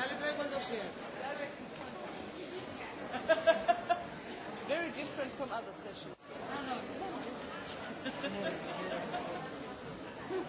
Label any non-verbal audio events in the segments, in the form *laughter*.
Ya le traigo dossier. Very different from other sessions. No, no.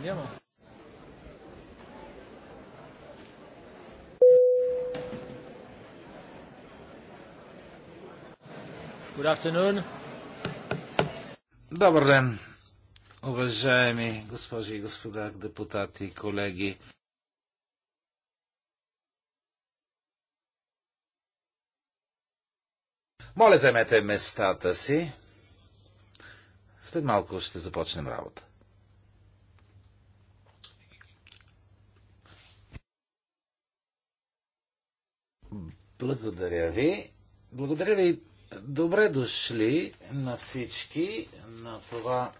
Няма. Good afternoon. Добър ден, уважаеми госпожи и господа депутати и колеги. Моля, вземете местата си. След малко ще започнем работа. Благодаря ви. Благодаря ви. Добре дошли на всички на това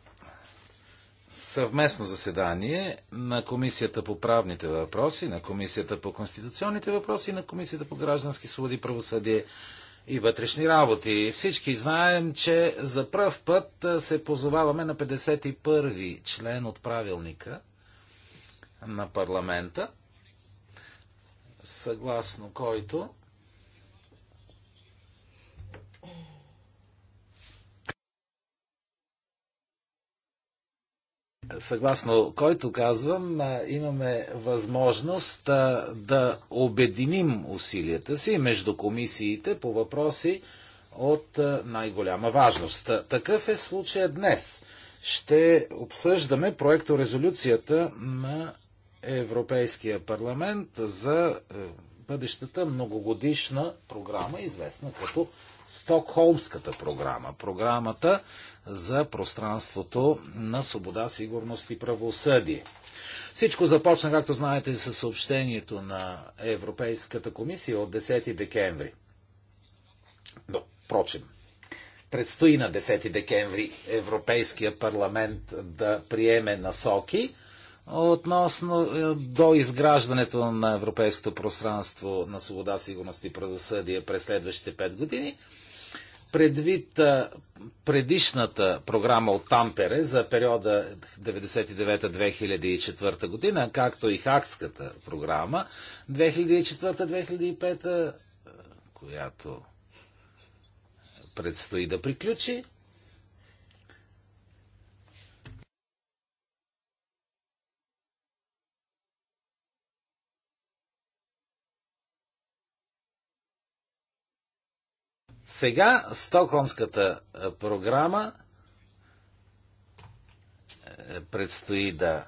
съвместно заседание на Комисията по правните въпроси, на Комисията по конституционните въпроси на Комисията по граждански свободи, правосъдие и вътрешни работи. Всички знаем, че за пръв път се позоваваме на 51 член от правилника на парламента – съгласно който съгласно който казвам, имаме възможност да обединим усилията си между комисиите по въпроси от най-голяма важност. Такъв е случая днес. Ще обсъждаме проекторезолюцията на Европейския парламент за е, бъдещата многогодишна програма, известна като Стокхолмската програма. Програмата за пространството на свобода, сигурност и правосъдие. Всичко започна, както знаете, с съобщението на Европейската комисия от 10 декември. Но, впрочем, предстои на 10 декември Европейския парламент да приеме насоки – относно е, до изграждането на европейското пространство на свобода, сигурност и правосъдие през следващите 5 години. Предвид е, предишната програма от Тампере за периода 1999 2004 година, както и Хакската програма 2004-2005, която предстои да приключи, Сега Стокхолмската програма е, предстои да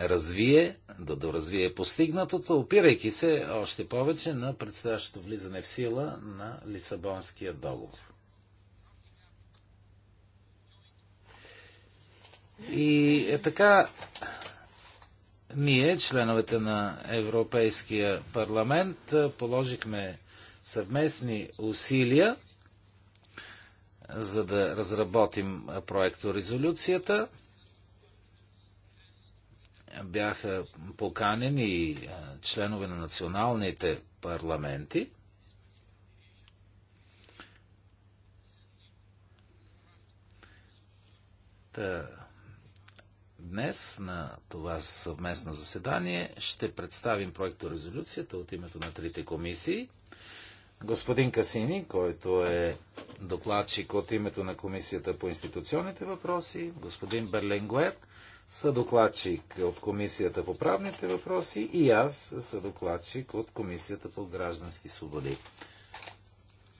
развие, да доразвие постигнатото, опирайки се още повече на предстоящото влизане в сила на Лисабонския договор. И е така, ние, членовете на Европейския парламент, положихме съвместни усилия, за да разработим проекто резолюцията. Бяха поканени членове на националните парламенти. Та, днес на това съвместно заседание ще представим проекто резолюцията от името на трите комисии – Господин Касини, който е докладчик от името на Комисията по институционните въпроси, господин Берленглер, съдокладчик от Комисията по правните въпроси и аз съдокладчик от Комисията по граждански свободи.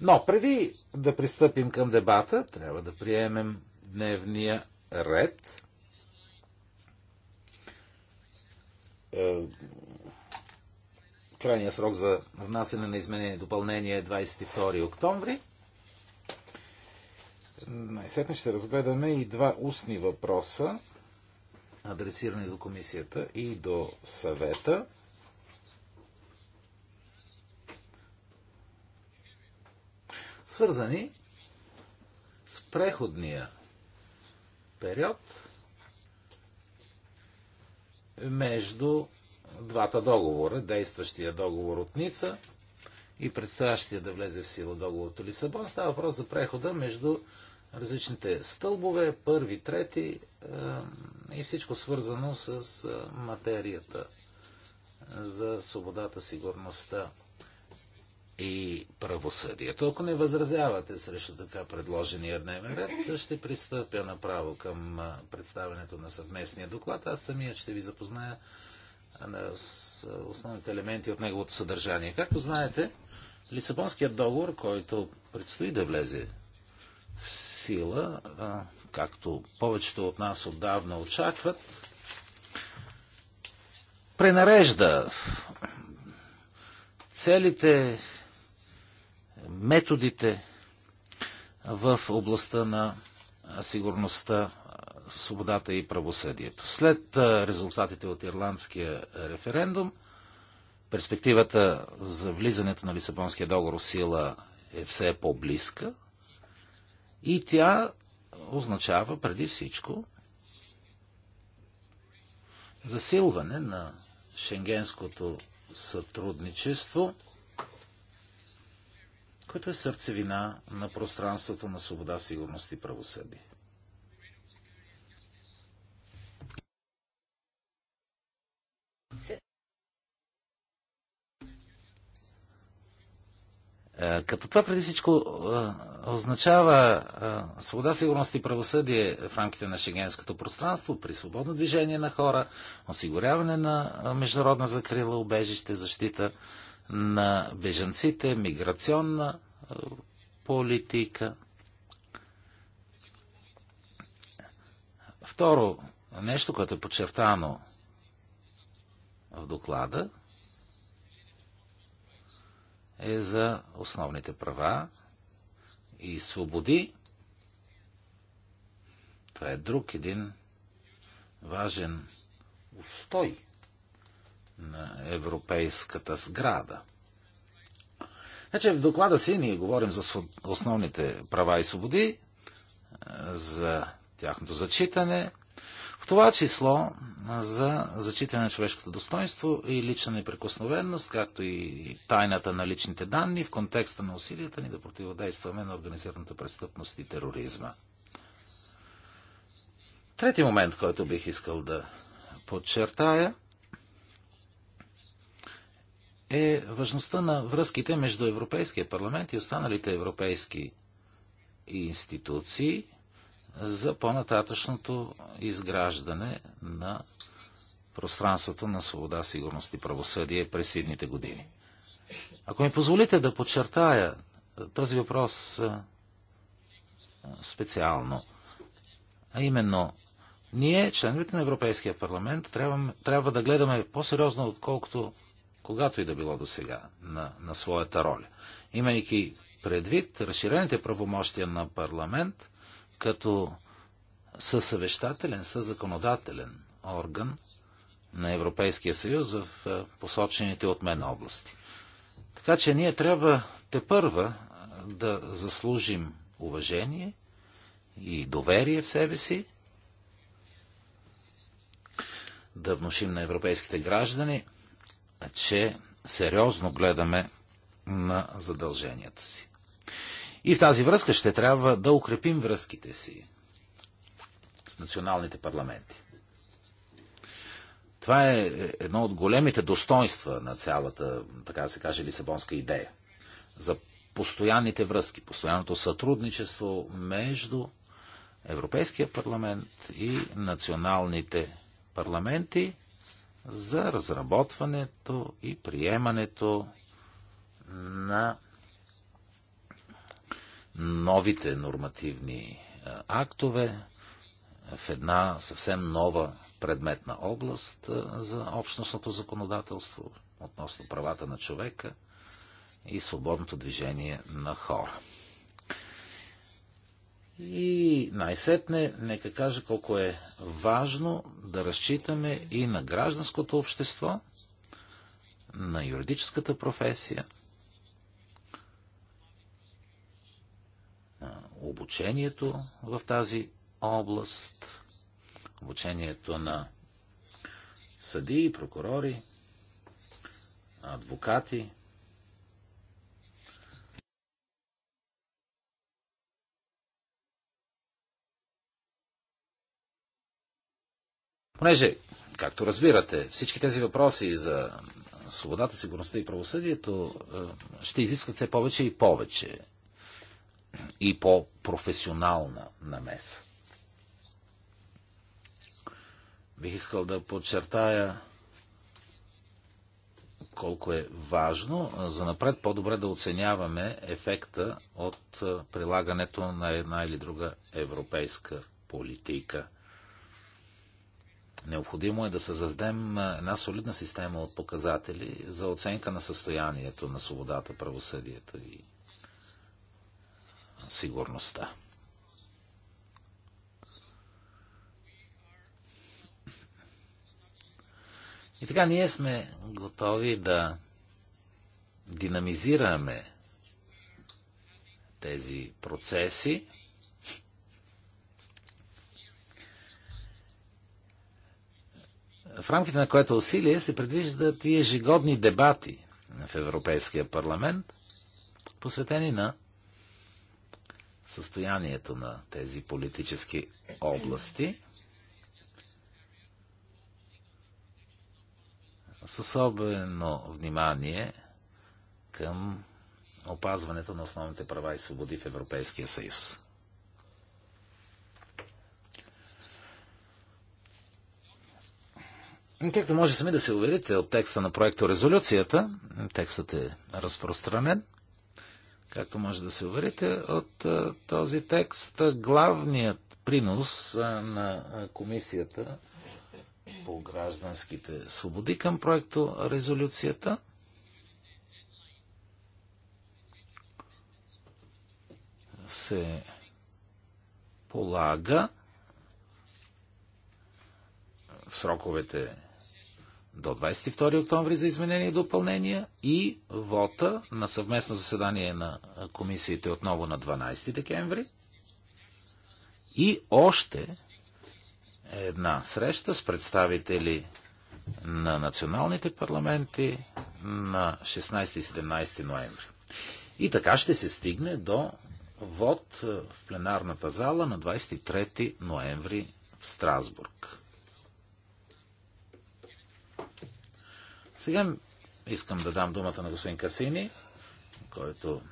Но преди да пристъпим към дебата, трябва да приемем дневния ред. Е, Крайният срок за внасяне на изменение и допълнение е 22 октомври. Най-сетне ще разгледаме и два устни въпроса, адресирани до комисията и до съвета. Свързани с преходния период между двата договора, действащия договор от Ница и предстоящия да влезе в сила договор от Лисабон, става въпрос за прехода между различните стълбове, първи, трети и всичко свързано с е, материята е, за свободата, сигурността и правосъдието. Ако не възразявате срещу така предложения дневен ред, ще пристъпя направо към е, представенето на съвместния доклад. Аз самия ще ви запозная на основните елементи от неговото съдържание. Както знаете, Лисабонският договор, който предстои да влезе в сила, както повечето от нас отдавна очакват, пренарежда целите, методите в областта на сигурността свободата и правосъдието. След резултатите от ирландския референдум, перспективата за влизането на Лисабонския договор в сила е все по-близка и тя означава преди всичко засилване на шенгенското сътрудничество, което е сърцевина на пространството на свобода, сигурност и правосъдие. Е, като това преди всичко е, означава е, свобода, сигурност и правосъдие в рамките на шенгенското пространство, при свободно движение на хора, осигуряване на международна закрила, убежище, защита на бежанците, миграционна политика. Второ, нещо, което е подчертано в доклада е за основните права и свободи. Това е друг един важен устой на европейската сграда. Значи в доклада си ние говорим за основните права и свободи, за тяхното зачитане, в това число за зачитане на човешкото достоинство и лична неприкосновенност, както и тайната на личните данни в контекста на усилията ни да противодействаме на организираната престъпност и тероризма. Трети момент, който бих искал да подчертая, е важността на връзките между Европейския парламент и останалите европейски институции – за по-нататъчното изграждане на пространството на свобода, сигурност и правосъдие през идните години. Ако ми позволите да подчертая е, този въпрос е, специално, а именно, ние, членовете на Европейския парламент, трябва, трябва да гледаме по-сериозно, отколкото когато и да било до сега, на, на своята роля. Имайки предвид разширените правомощия на парламент, като съсъвещателен, съзаконодателен орган на Европейския съюз в е, посочените от мен области. Така че ние трябва те първа е, да заслужим уважение и доверие в себе си, да внушим на европейските граждани, че сериозно гледаме на задълженията си. И в тази връзка ще трябва да укрепим връзките си с националните парламенти. Това е, е едно от големите достоинства на цялата, така да се каже, лисабонска идея. За постоянните връзки, постоянното сътрудничество между Европейския парламент и националните парламенти за разработването и приемането на новите нормативни актове в една съвсем нова предметна област за общностното законодателство относно правата на човека и свободното движение на хора. И най-сетне, нека кажа колко е важно да разчитаме и на гражданското общество, на юридическата професия, обучението в тази област, обучението на съдии, прокурори, адвокати. Понеже, както разбирате, всички тези въпроси за свободата, сигурността и правосъдието е, ще изискват все повече и повече и по-професионална намеса. Бих искал да подчертая колко е важно за напред по-добре да оценяваме ефекта от прилагането на една или друга европейска политика. Необходимо е да създадем една солидна система от показатели за оценка на състоянието на свободата, правосъдието и сигурността. И така ние сме готови да динамизираме тези процеси. В рамките на което усилие се предвиждат и ежегодни дебати в Европейския парламент, посветени на състоянието на тези политически области. С особено внимание към опазването на основните права и свободи в Европейския съюз. Както може сами да се уверите от текста на проекто резолюцията, текстът е разпространен – Както може да се уверите от този текст, главният принос на комисията по гражданските свободи към проекто резолюцията се полага в сроковете до 22 октомври за изменение и допълнения и вота на съвместно заседание на комисиите отново на 12 декември. И още една среща с представители на националните парламенти на 16 и 17 ноември. И така ще се стигне до вод в пленарната зала на 23 ноември в Страсбург. Сега искам да дам думата на господин Касини, който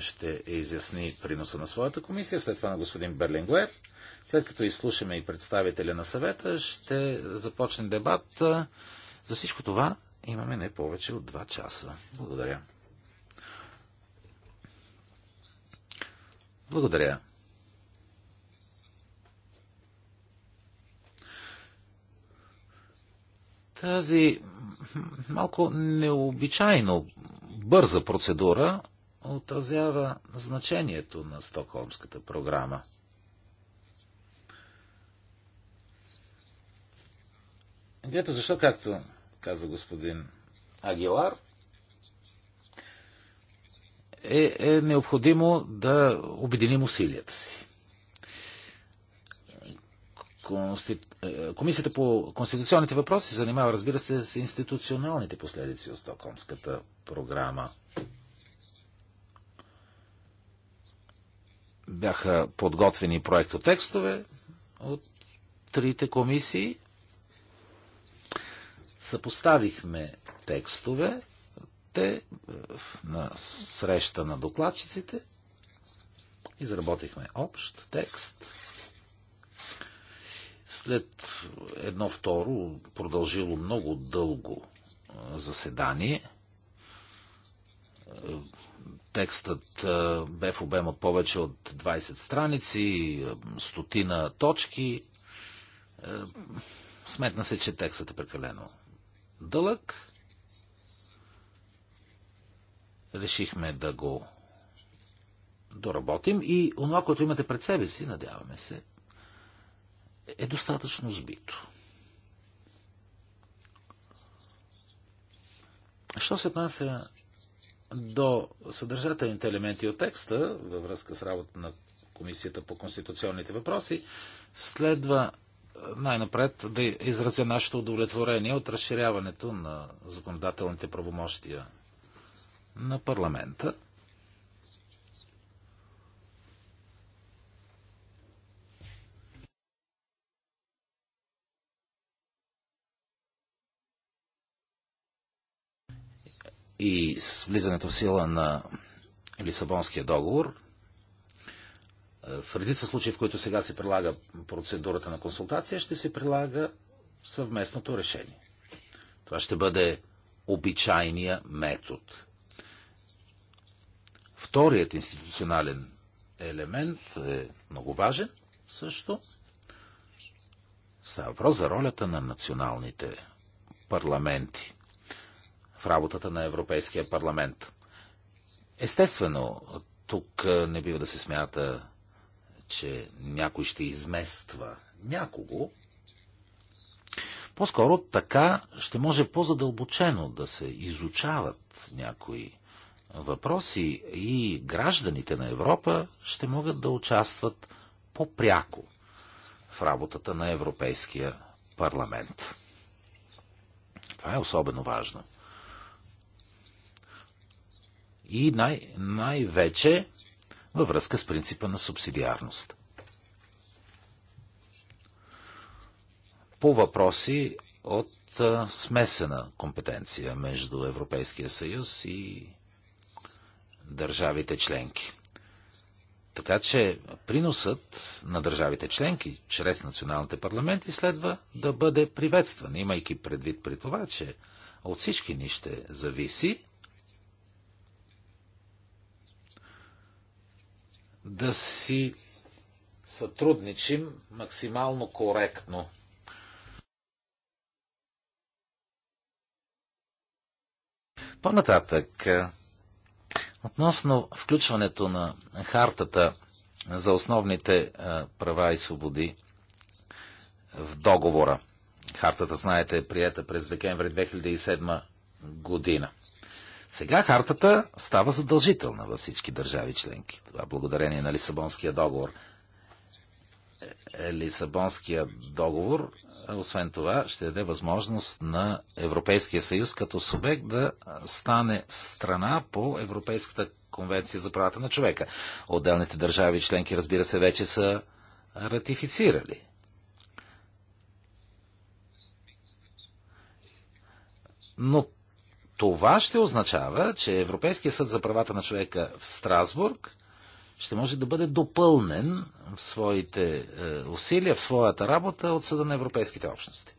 ще изясни приноса на своята комисия, след това на господин Берлингуер. След като изслушаме и представителя на съвета, ще започне дебат. За всичко това имаме не повече от 2 часа. Благодаря. Благодаря. Тази малко необичайно бърза процедура отразява значението на Стокхолмската програма. Ето защо, както каза господин Агилар, е, е необходимо да обединим усилията си. Е, Комисията по конституционните въпроси занимава, разбира се, с институционалните последици от Стокхолмската програма. Бяха подготвени проектотекстове от трите комисии. Съпоставихме текстове те е, на среща на докладчиците изработихме общ текст – след едно второ продължило много дълго заседание, текстът бе в обем от повече от 20 страници, стотина точки. Сметна се, че текстът е прекалено дълъг. Решихме да го доработим и онова, което имате пред себе си, надяваме се, е достатъчно сбито. Що се отнася до съдържателните елементи от текста, във връзка с работа на Комисията по конституционните въпроси, следва най-напред да изразя нашето удовлетворение от разширяването на законодателните правомощия на парламента и с влизането в сила на Лисабонския договор, е, в редица случаи, в които сега се прилага процедурата на консултация, ще се прилага съвместното решение. Това ще бъде обичайния метод. Вторият институционален елемент е много важен също. Става въпрос за ролята на националните парламенти в работата на Европейския парламент. Естествено, тук не бива да се смята, че някой ще измества някого. По-скоро така ще може по-задълбочено да се изучават някои въпроси и гражданите на Европа ще могат да участват по-пряко в работата на Европейския парламент. Това е особено важно и най- най-вече във връзка с принципа на субсидиарност. По въпроси от смесена компетенция между Европейския съюз и държавите членки. Така че приносът на държавите членки чрез националните парламенти следва да бъде приветстван, имайки предвид при това, че от всички ни ще зависи да си сътрудничим максимално коректно. По-нататък, е, относно включването на хартата за основните е, права и свободи в договора. Хартата, знаете, е приета през декември 2007 година. Сега хартата става задължителна във всички държави членки. Това благодарение на Лисабонския договор. Е, е, Лисабонския договор, е, освен това, ще даде възможност на Европейския съюз като субект да стане страна по Европейската конвенция за правата на човека. Отделните държави членки, разбира се, вече са ратифицирали. Но това ще означава, че Европейския съд за правата на човека в Страсбург ще може да бъде допълнен в своите е, усилия, в своята работа от Съда на Европейските общности.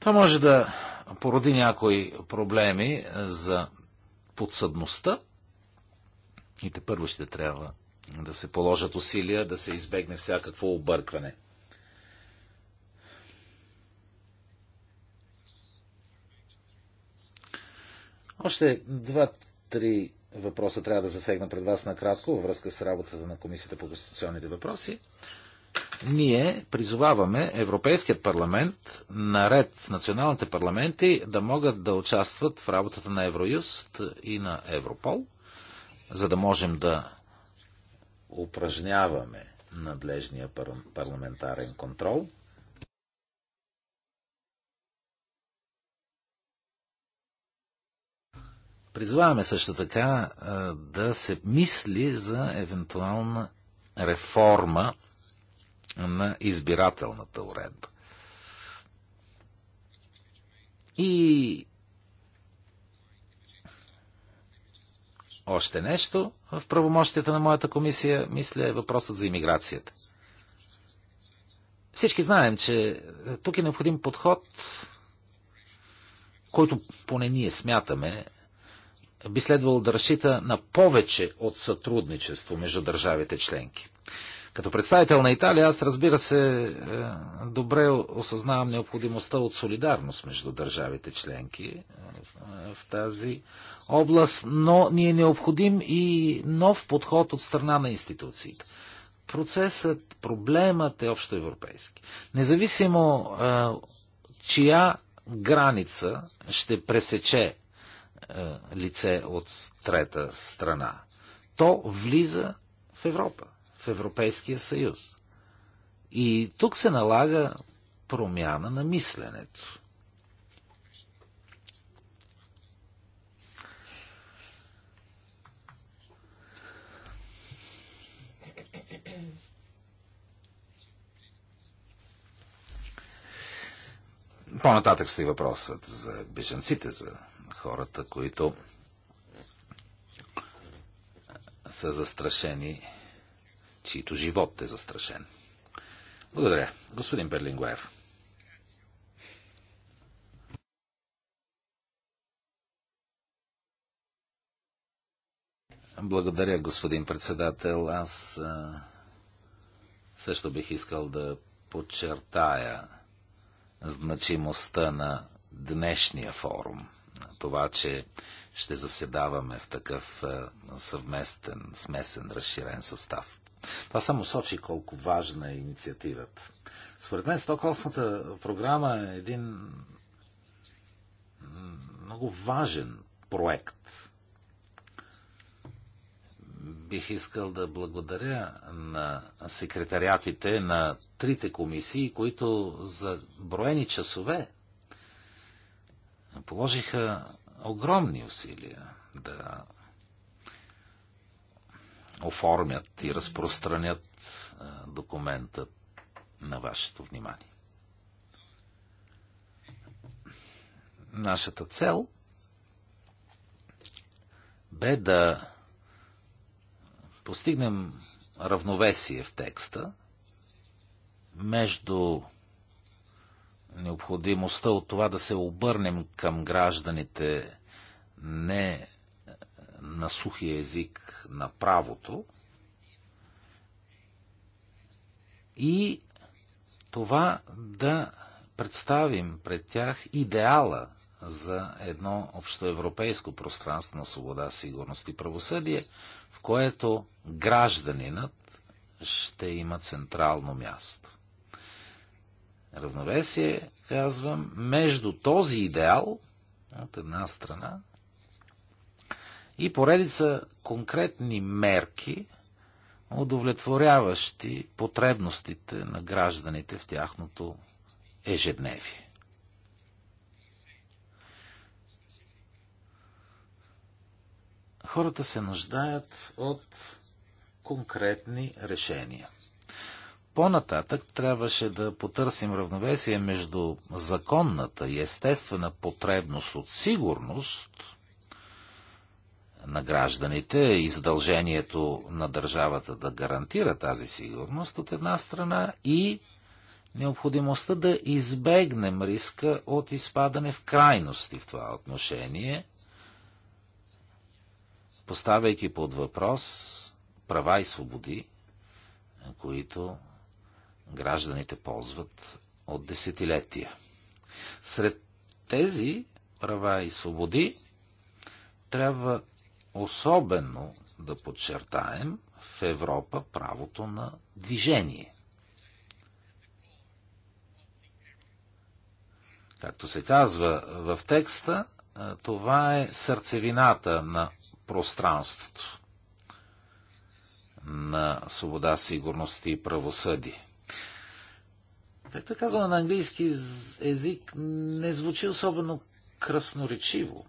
Това може да породи някои проблеми е, за подсъдността и те първо ще трябва да се положат усилия да се избегне всякакво объркване – Още два-три въпроса трябва да засегна пред вас накратко във връзка с работата на Комисията по конституционните въпроси. Ние призоваваме Европейският парламент, наред с националните парламенти, да могат да участват в работата на Евроюст и на Европол, за да можем да упражняваме надлежния парламентарен контрол – Призваваме също така да се мисли за евентуална реформа на избирателната уредба. И още нещо в правомощията на моята комисия, мисля, е въпросът за иммиграцията. Всички знаем, че е, тук е необходим подход, който поне ние смятаме, би следвало да разчита на повече от сътрудничество между държавите членки. Като представител на Италия, аз разбира се, е, добре осъзнавам необходимостта от солидарност между държавите членки е, в тази област, но ни е необходим и нов подход от страна на институциите. Процесът, проблемът е общо европейски. Независимо е, чия граница ще пресече е, лице от трета страна. То влиза в Европа, в Европейския съюз. И тук се налага промяна на мисленето. По-нататък стои въпросът за бежанците, за хората, които са застрашени, чието живот е застрашен. Благодаря. Господин Берлингуер. Благодаря, господин председател. Аз а, също бих искал да подчертая значимостта на днешния форум – това, че ще заседаваме в такъв е, съвместен, смесен, разширен състав. Това само сочи колко важна е инициативата. Според мен Стокхолмската програма е един много важен проект. Бих искал да благодаря на секретариатите на трите комисии, които за броени часове положиха огромни усилия да оформят и разпространят документа на вашето внимание. Нашата цел бе да постигнем равновесие в текста между необходимостта от това да се обърнем към гражданите не на сухия език на правото и това да представим пред тях идеала за едно общоевропейско пространство на свобода, сигурност и правосъдие, в което гражданинът ще има централно място равновесие, казвам, между този идеал, от една страна, и поредица конкретни мерки, удовлетворяващи потребностите на гражданите в тяхното ежедневие. Хората се нуждаят от конкретни решения. По-нататък трябваше да потърсим равновесие между законната и естествена потребност от сигурност на гражданите и задължението на държавата да гарантира тази сигурност от една страна и необходимостта да избегнем риска от изпадане в крайности в това отношение, поставяйки под въпрос права и свободи, които гражданите ползват от десетилетия. Сред тези права и свободи трябва особено да подчертаем в Европа правото на движение. Както се казва в текста, това е сърцевината на пространството на свобода, сигурност и правосъдие. Както казваме, на английски език, не звучи особено красноречиво,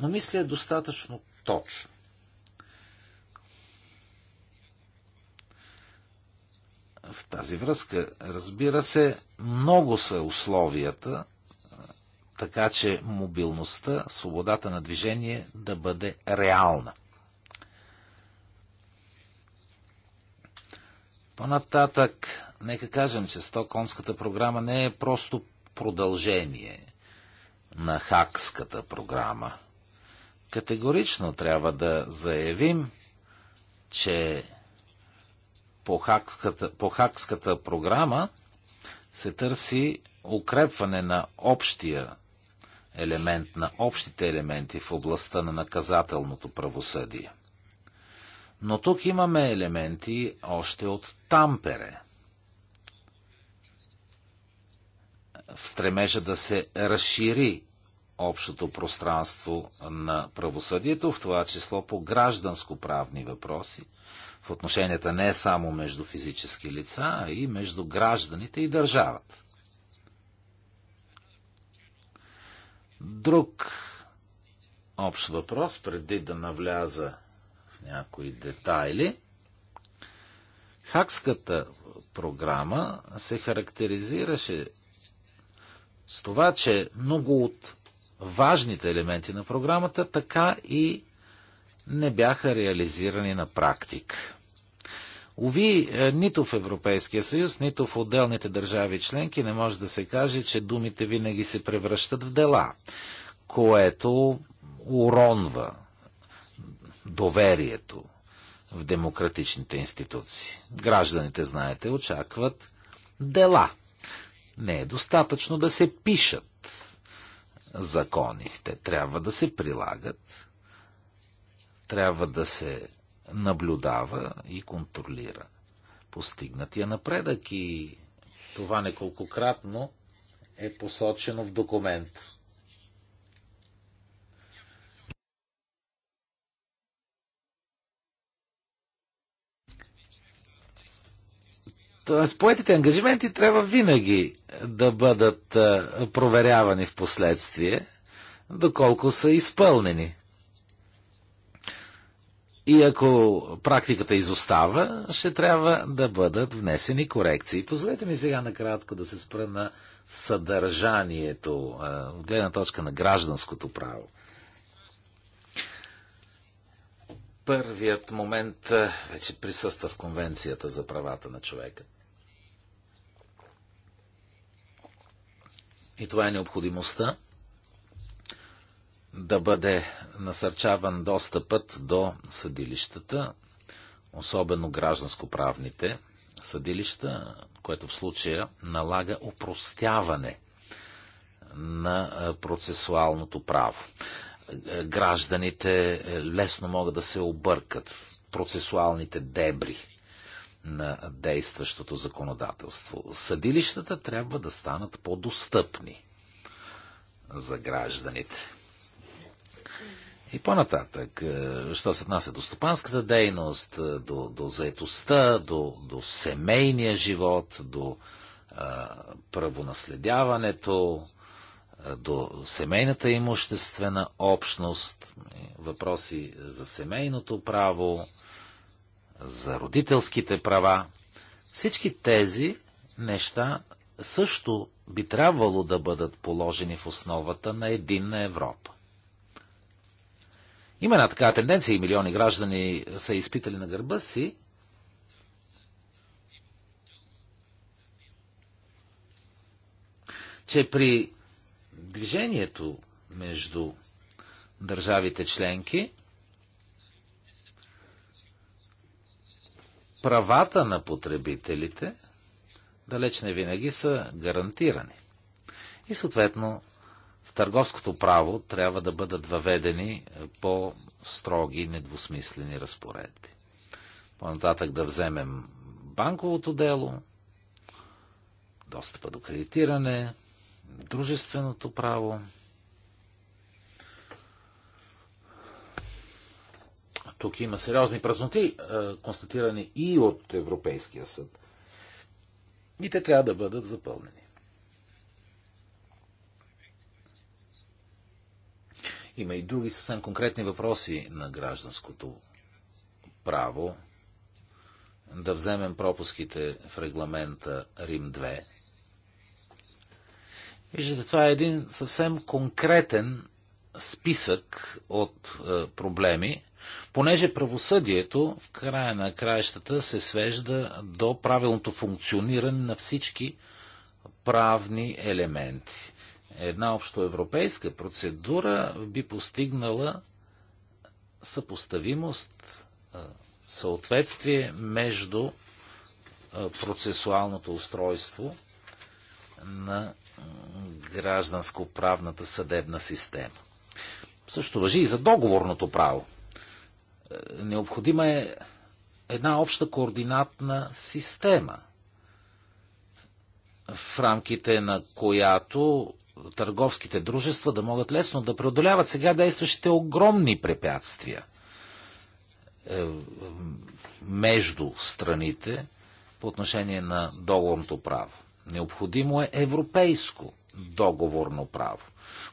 но мисля е достатъчно точно. В тази връзка, разбира се, много са условията, така че мобилността, свободата на движение да бъде реална. Понататък нека кажем, че Стоконската програма не е просто продължение на Хакската програма. Категорично трябва да заявим, че по Хакската, по Хакската програма се търси укрепване на общия елемент, на общите елементи в областта на наказателното правосъдие. Но тук имаме елементи още от Тампере – в стремежа да се разшири общото пространство на правосъдието, в това число по гражданско-правни въпроси, в отношенията не само между физически лица, а и между гражданите и държавата. Друг общ въпрос, преди да навляза в някои детайли. Хакската програма се характеризираше с това, че много от важните елементи на програмата така и не бяха реализирани на практик. Ови, е, нито в Европейския съюз, нито в отделните държави членки не може да се каже, че думите винаги се превръщат в дела, което уронва доверието в демократичните институции. Гражданите, знаете, очакват дела – не е достатъчно да се пишат закони. Те трябва да се прилагат, трябва да се наблюдава и контролира постигнатия напредък и това неколкократно е посочено в документа. Тоест, поетите ангажименти трябва винаги да бъдат е, проверявани в последствие, доколко са изпълнени. И ако практиката изостава, ще трябва да бъдат внесени корекции. Позволете ми сега накратко да се спра на съдържанието, е, гледна точка на гражданското право. първият момент е, вече присъства в Конвенцията за правата на човека. И това е необходимостта да бъде насърчаван достъпът до съдилищата, особено гражданско-правните съдилища, което в случая налага опростяване на е, процесуалното право гражданите е, лесно могат да се объркат в процесуалните дебри на действащото законодателство. Съдилищата трябва да станат по-достъпни за гражданите. И по-нататък, е, що се отнася до стопанската дейност, е, до, до заетостта, до, до семейния живот, до а, правонаследяването, до семейната имуществена общност, е, въпроси за семейното право, за родителските права. Всички тези неща също би трябвало да бъдат положени в основата на единна Европа. Има една такава тенденция и милиони граждани са изпитали на гърба си. че при движението между държавите членки, правата на потребителите далеч не винаги са гарантирани. И съответно в търговското право трябва да бъдат въведени по-строги недвусмислени разпоредби. По-нататък да вземем банковото дело, достъпа до кредитиране, дружественото право. Тук има сериозни празноти, е, констатирани и от Европейския съд. И те трябва да бъдат запълнени. Има и други съвсем конкретни въпроси на гражданското право. Да вземем пропуските в регламента Рим 2. Виждате, това е един съвсем конкретен списък от е, проблеми, понеже правосъдието в края на краищата се свежда до правилното функциониране на всички правни елементи. Една общоевропейска процедура би постигнала съпоставимост, е, съответствие между е, процесуалното устройство на гражданско-правната съдебна система. Също въжи и за договорното право. Е, необходима е една обща координатна система, в рамките на която търговските дружества да могат лесно да преодоляват сега действащите огромни препятствия е, между страните по отношение на договорното право. Необходимо е европейско договорно право.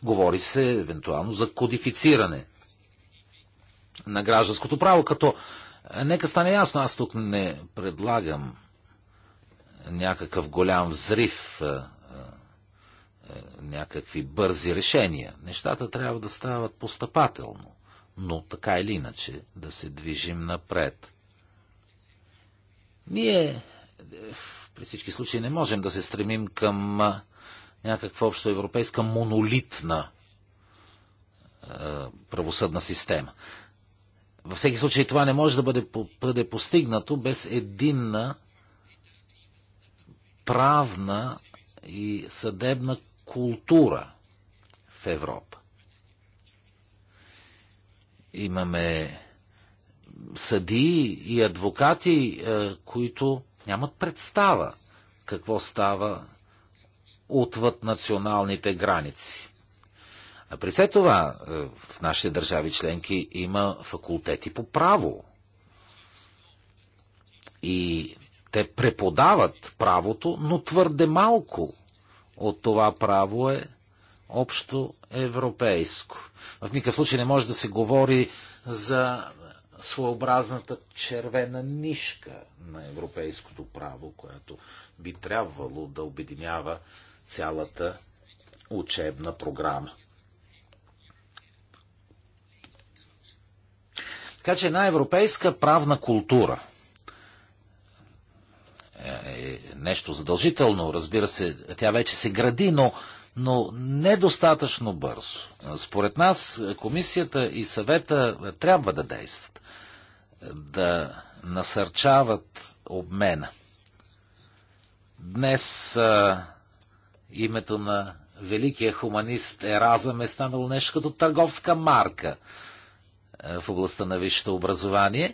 Говори се евентуално за кодифициране на гражданското право, като е, нека стане ясно, аз тук не предлагам някакъв голям взрив, е, е, някакви бързи решения. Нещата трябва да стават постъпателно, но така или иначе да се движим напред. Ние при всички случаи не можем да се стремим към някаква общо европейска монолитна правосъдна система. Във всеки случай това не може да бъде, бъде постигнато без единна правна и съдебна култура в Европа. Имаме съдии и адвокати, които нямат представа какво става отвъд националните граници. А при все това е, в нашите държави членки има факултети по право. И те преподават правото, но твърде малко от това право е общо европейско. В никакъв случай не може да се говори за своеобразната червена нишка на европейското право, която би трябвало да обединява цялата учебна програма. Така че една европейска правна култура е, е нещо задължително, разбира се, тя вече се гради, но, но недостатъчно бързо. Според нас комисията и съвета трябва да действат да насърчават обмена. Днес а, името на великия хуманист Еразъм е станало нещо като търговска марка а, в областта на висшето образование.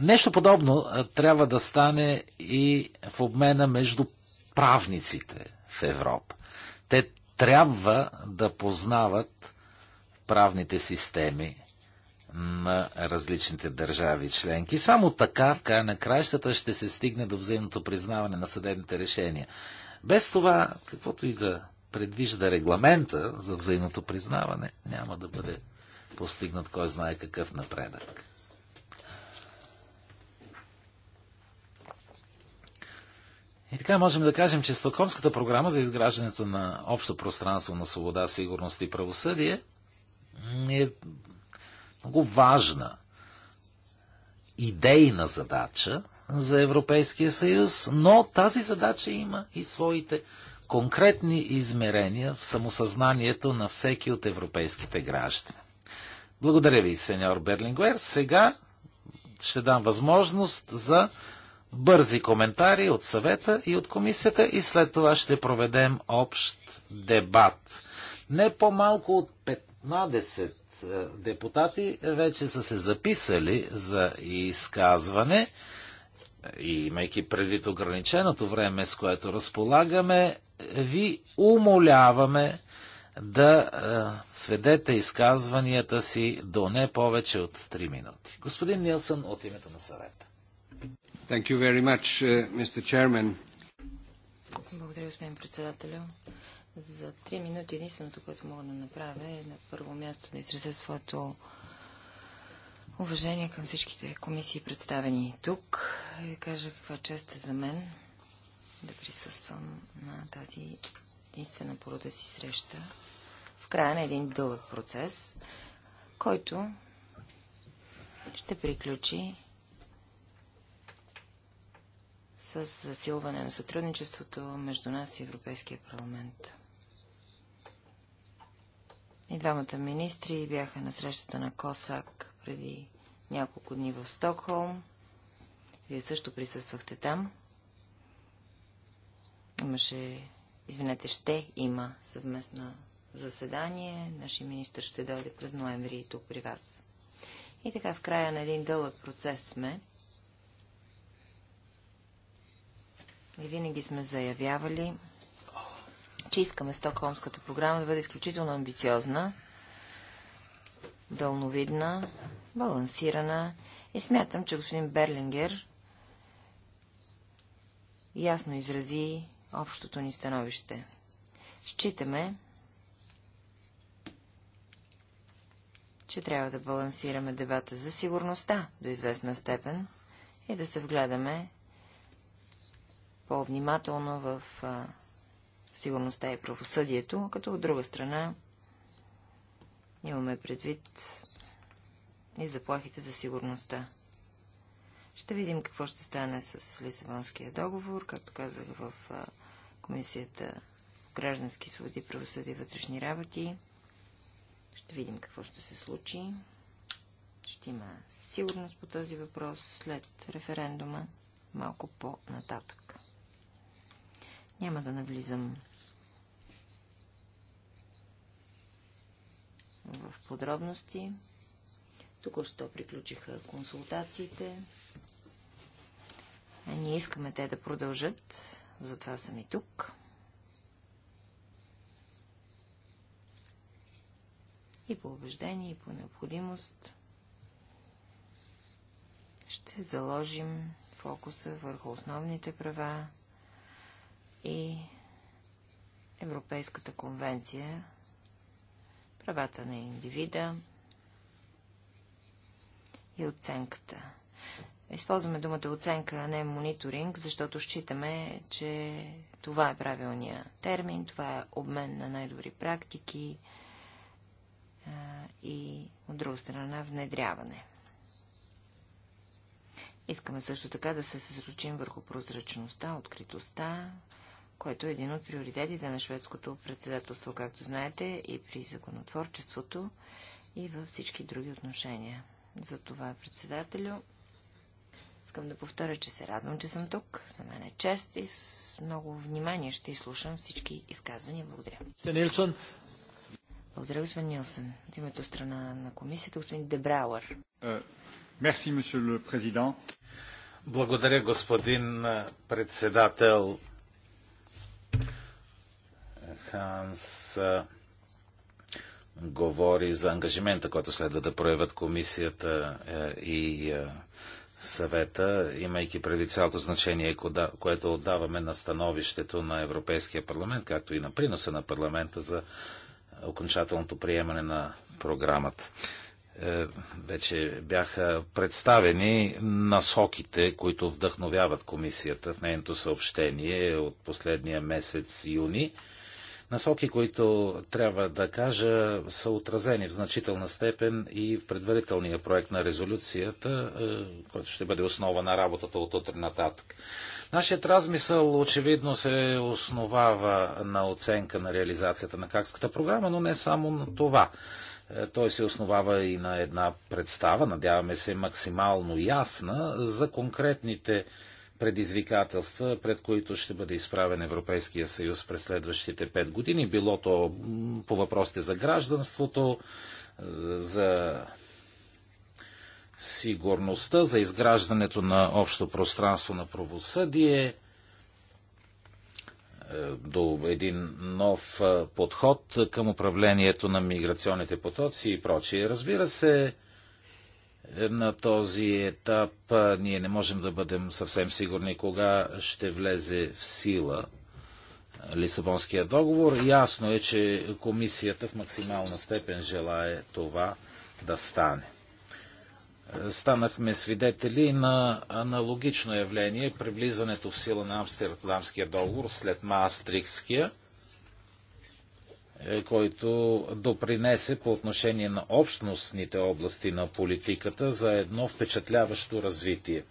Нещо подобно а, трябва да стане и в обмена между правниците в Европа. Те трябва да познават правните системи на различните държави членки. Само така, в края на краищата, ще се стигне до взаимното признаване на съдебните решения. Без това, каквото и да предвижда регламента за взаимното признаване, няма да бъде постигнат кой знае какъв напредък. И така можем да кажем, че стокомската програма за изграждането на общо пространство на свобода, сигурност и правосъдие е много важна идейна задача за Европейския съюз, но тази задача има и своите конкретни измерения в самосъзнанието на всеки от европейските граждани. Благодаря ви, сеньор Берлингуер. Сега ще дам възможност за бързи коментари от съвета и от комисията и след това ще проведем общ дебат. Не по-малко от 15 е, депутати вече са се записали за изказване и имайки предвид ограниченото време, с което разполагаме, ви умоляваме да е, сведете изказванията си до не повече от 3 минути. Господин Нилсън от името на съвета. Thank you very much, Mr. Е, Chairman. Благодаря, господин председателю. За три минути единственото, което мога да направя е на първо място да изразя своето уважение към всичките комисии, представени тук и кажа каква чест е за мен да присъствам на тази единствена порода си среща в края на един дълъг процес, който ще приключи с засилване на сътрудничеството между нас и Европейския парламент. И двамата министри бяха на срещата на Косак преди няколко дни в Стокхолм. Вие също присъствахте там. Имаше, извинете, ще има съвместно заседание. Нашия министр ще дойде през ноември и тук при вас. И така в края на един дълъг процес сме. И винаги сме заявявали, че искаме Стокхолмската програма да бъде изключително амбициозна, дълновидна, балансирана и смятам, че господин Берлингер ясно изрази общото ни становище. Считаме, че трябва да балансираме дебата за сигурността до известна степен и да се вгледаме по-внимателно в сигурността и правосъдието, като от друга страна имаме предвид и заплахите за сигурността. Ще видим какво ще стане с Лисабонския договор, както казах в Комисията граждански свободи, правосъди и вътрешни работи. Ще видим какво ще се случи. Ще има сигурност по този въпрос след референдума малко по-нататък. Няма да навлизам в подробности. Току-що приключиха консултациите. А ние искаме те да продължат, затова съм и тук. И по убеждение, и по необходимост ще заложим фокуса върху основните права и Европейската конвенция правата на индивида и оценката. Използваме думата оценка, а не мониторинг, защото считаме, че това е правилния термин, това е обмен на най-добри практики и от друга страна внедряване. Искаме също така да се съсредоточим върху прозрачността, откритостта, който е един от приоритетите на шведското председателство, както знаете, и при законотворчеството, и във всички други отношения. За това, председателю, искам да повторя, че се радвам, че съм тук. За мен е чест и с много внимание ще изслушам всички изказвания. Благодаря. Нилсон. Благодаря, господин Нилсън. От името страна на комисията, господин Дебрауър. Е, мерси, президент. Благодаря, господин председател. Ханс говори за ангажимента, който следва да проявят комисията и съвета, имайки преди цялото значение, което отдаваме на становището на Европейския парламент, както и на приноса на парламента за окончателното приемане на програмата. Е, вече бяха представени насоките, които вдъхновяват комисията в нейното съобщение от последния месец юни. Насоки, които трябва да кажа, са отразени в значителна степен и в предварителния проект на резолюцията, е, който ще бъде основа на работата от утре нататък. Нашият размисъл очевидно се основава на оценка на реализацията на Какската програма, но не само на това. Е, той се основава и на една представа, надяваме се максимално ясна, за конкретните предизвикателства, пред които ще бъде изправен Европейския съюз през следващите пет години. Било то по въпросите за гражданството, за сигурността, за изграждането на общо пространство на правосъдие, е, до един нов е, подход към управлението на миграционните потоци и прочие. Разбира се, на този етап ние не можем да бъдем съвсем сигурни кога ще влезе в сила Лисабонския договор. Ясно е, че комисията в максимална степен желае това да стане. Станахме свидетели на аналогично явление при влизането в сила на Амстердамския договор след Маастрихския – е, който допринесе по отношение на общностните области на политиката за едно впечатляващо развитие.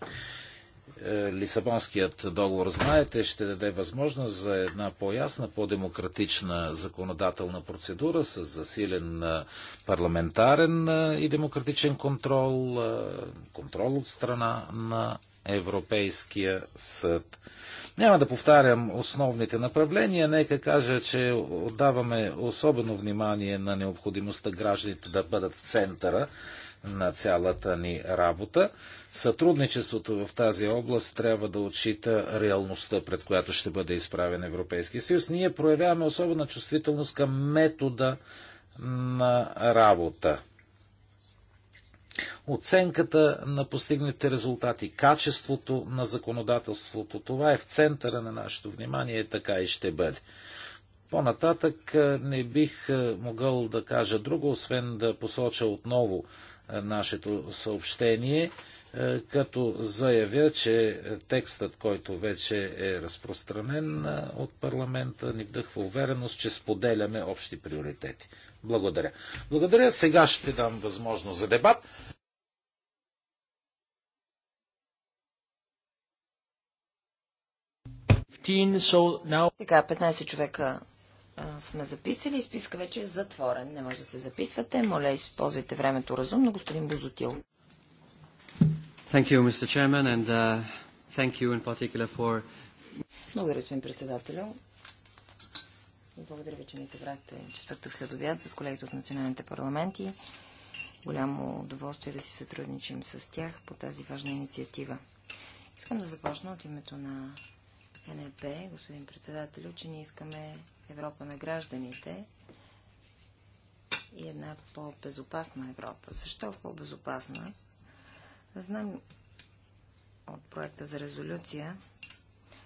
Е, Лисабонският договор, знаете, ще даде възможност за една по-ясна, по-демократична законодателна процедура с засилен е, парламентарен и демократичен контрол, контрол от страна на Европейския съд. Няма да повтарям основните направления, нека кажа, че отдаваме особено внимание на необходимостта гражданите да бъдат в центъра на цялата ни работа. Сътрудничеството в тази област трябва да отчита реалността, пред която ще бъде изправен Европейския съюз. Ние проявяваме особена чувствителност към метода на работа оценката на постигнатите резултати, качеството на законодателството. Това е в центъра на нашето внимание, така и ще бъде. По-нататък е, не бих е, могъл да кажа друго, освен да посоча отново е, нашето съобщение, като заявя, че текстът, който вече е разпространен от парламента, ни вдъхва увереност, че споделяме общи приоритети. Благодаря. Благодаря. Сега ще дам възможност за дебат. Така, 15 човека сме записали. Списка вече е затворен. Не може да се записвате. Моля, използвайте времето разумно. Господин Бозотил. Thank you, Mr. Chairman, and uh, thank you in particular for... Благодаря, господин председател. Благодаря ви, че ни събрахте четвъртък след с колегите от националните парламенти. Голямо удоволствие да си сътрудничим с тях по тази важна инициатива. Искам да започна от името на НЕП, господин председател, че ние искаме Европа на гражданите и една по-безопасна Европа. Защо по-безопасна? Знам от проекта за резолюция,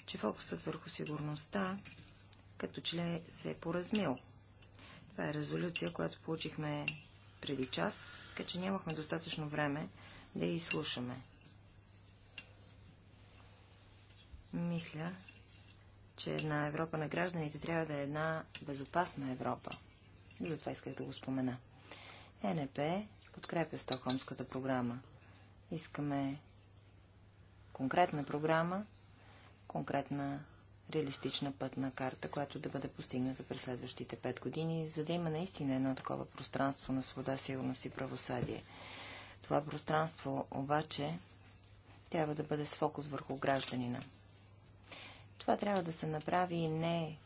че фокусът върху сигурността като че ли се е поразмил. Това е резолюция, която получихме преди час, така че нямахме достатъчно време да я изслушаме. Мисля, че една Европа на гражданите трябва да е една безопасна Европа. И затова исках да го спомена. Е НП подкрепя Стокхолмската програма. Искаме конкретна програма, конкретна реалистична пътна карта, която да бъде постигната през следващите пет години, за да има наистина едно такова пространство на свобода, сигурност и правосъдие. Това пространство обаче трябва да бъде с фокус върху гражданина. Това трябва да се направи и не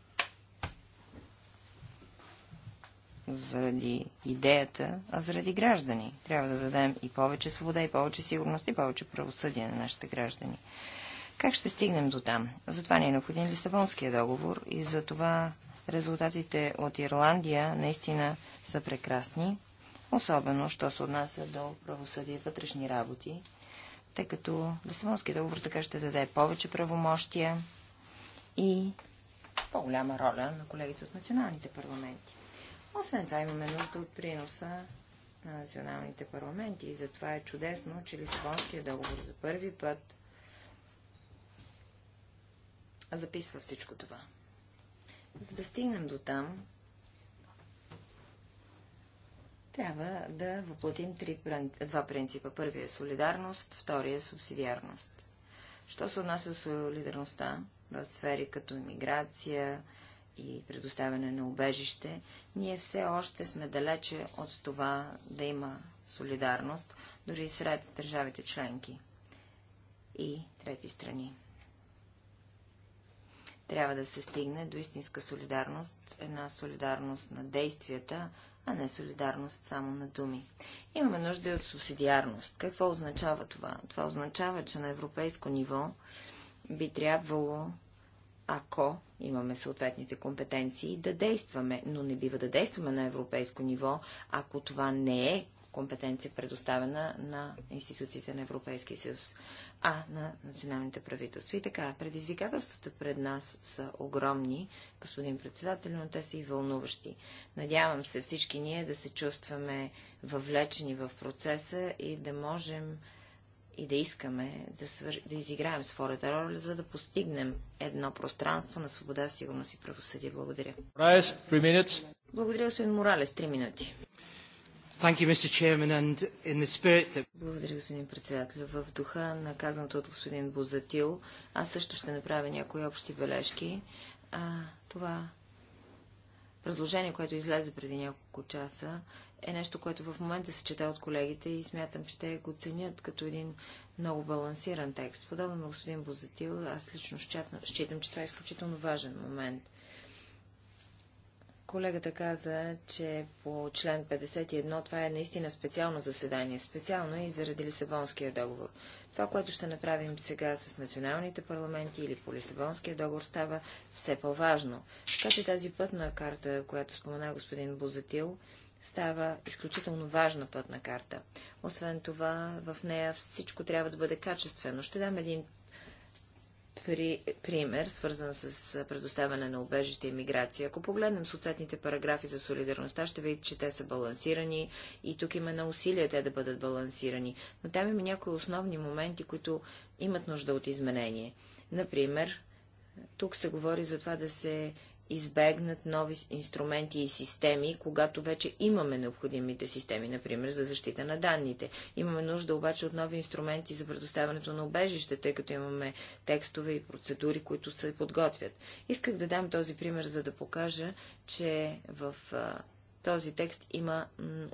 заради идеята, а заради граждани. Трябва да дадем и повече свобода, и повече сигурност, и повече правосъдие на нашите граждани. Как ще стигнем до там? Затова ни е необходим Лисабонския договор и за това резултатите от Ирландия наистина са прекрасни, особено, що се отнася до правосъдие и вътрешни работи, тъй като Лисабонски договор така ще даде повече правомощия и по-голяма роля на колегите от националните парламенти. Освен това имаме нужда от приноса на националните парламенти и затова е чудесно, че Лисабонския договор за първи път записва всичко това. За да стигнем до там, трябва да въплатим три, два принципа. Първият е солидарност, втория е субсидиарност. Що се отнася до солидарността в сфери като иммиграция и предоставяне на убежище, ние все още сме далече от това да има солидарност, дори и сред държавите членки и трети страни. Трябва да се стигне до истинска солидарност, една солидарност на действията, а не солидарност само на думи. Имаме нужда и от субсидиарност. Какво означава това? Това означава, че на европейско ниво би трябвало, ако имаме съответните компетенции, да действаме, но не бива да действаме на европейско ниво, ако това не е компетенция предоставена на институциите на Европейския съюз, а на националните правителства. И така, предизвикателствата пред нас са огромни, господин председател, но те са и вълнуващи. Надявам се всички ние да се чувстваме въвлечени в процеса и да можем и да искаме да, свър... да изиграем своята роля, за да постигнем едно пространство на свобода, сигурност и правосъдие. Благодаря. Благодаря, господин Моралес. Три минути. Благодаря, господин председател. В духа на казаното от господин Бозатил, аз също ще направя някои общи бележки. А, това предложение, което излезе преди няколко часа, е нещо, което в момента се чете от колегите и смятам, че те го ценят като един много балансиран текст. Подобно на господин Бозатил, аз лично считам, че това е изключително важен момент. Колегата каза, че по член 51 това е наистина специално заседание, специално и заради Лисабонския договор. Това, което ще направим сега с националните парламенти или по Лисабонския договор, става все по-важно. Така че тази пътна карта, която спомена господин Бозатил, става изключително важна пътна карта. Освен това, в нея всичко трябва да бъде качествено. Ще дам един при, пример, свързан с предоставяне на убежище и миграция. Ако погледнем съответните параграфи за солидарността, ще видите, че те са балансирани и тук има на усилия те да бъдат балансирани. Но там има някои основни моменти, които имат нужда от изменение. Например, тук се говори за това да се избегнат нови инструменти и системи, когато вече имаме необходимите системи, например за защита на данните. Имаме нужда обаче от нови инструменти за предоставянето на обежище, тъй като имаме текстове и процедури, които се подготвят. Исках да дам този пример, за да покажа, че в този текст има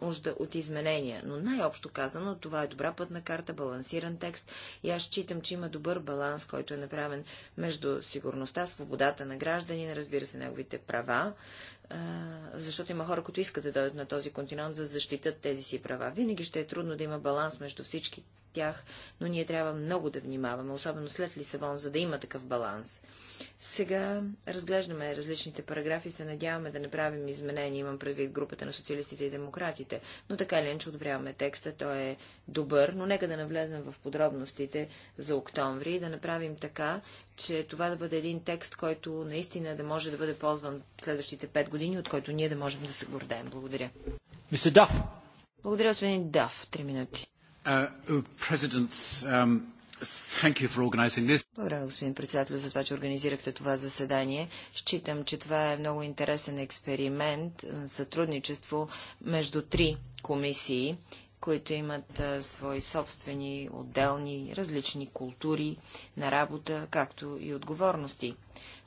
нужда от изменения. Но най-общо казано, това е добра пътна карта, балансиран текст и аз считам, че има добър баланс, който е направен между сигурността, свободата на гражданин, разбира се, неговите права, защото има хора, които искат да дойдат на този континент, за да защитат тези си права. Винаги ще е трудно да има баланс между всички тях, но ние трябва много да внимаваме, особено след Лисабон, за да има такъв баланс. Сега разглеждаме различните параграфи, се надяваме да не правим изменения, имам предвид групата на социалистите и демократите, но така или иначе одобряваме текста, той е добър, но нека да навлезем в подробностите за октомври и да направим така, че това да бъде един текст, който наистина да може да бъде ползван следващите 5 години години, от който ние да можем да се гордеем. Благодаря. Мистер Благодаря, господин Даф. Три минути. Uh, uh, um, Благодаря, господин председател, за това, че организирахте това заседание. Считам, че това е много интересен експеримент е, сътрудничество между три комисии, които имат е, свои собствени, отделни, различни култури на работа, както и отговорности.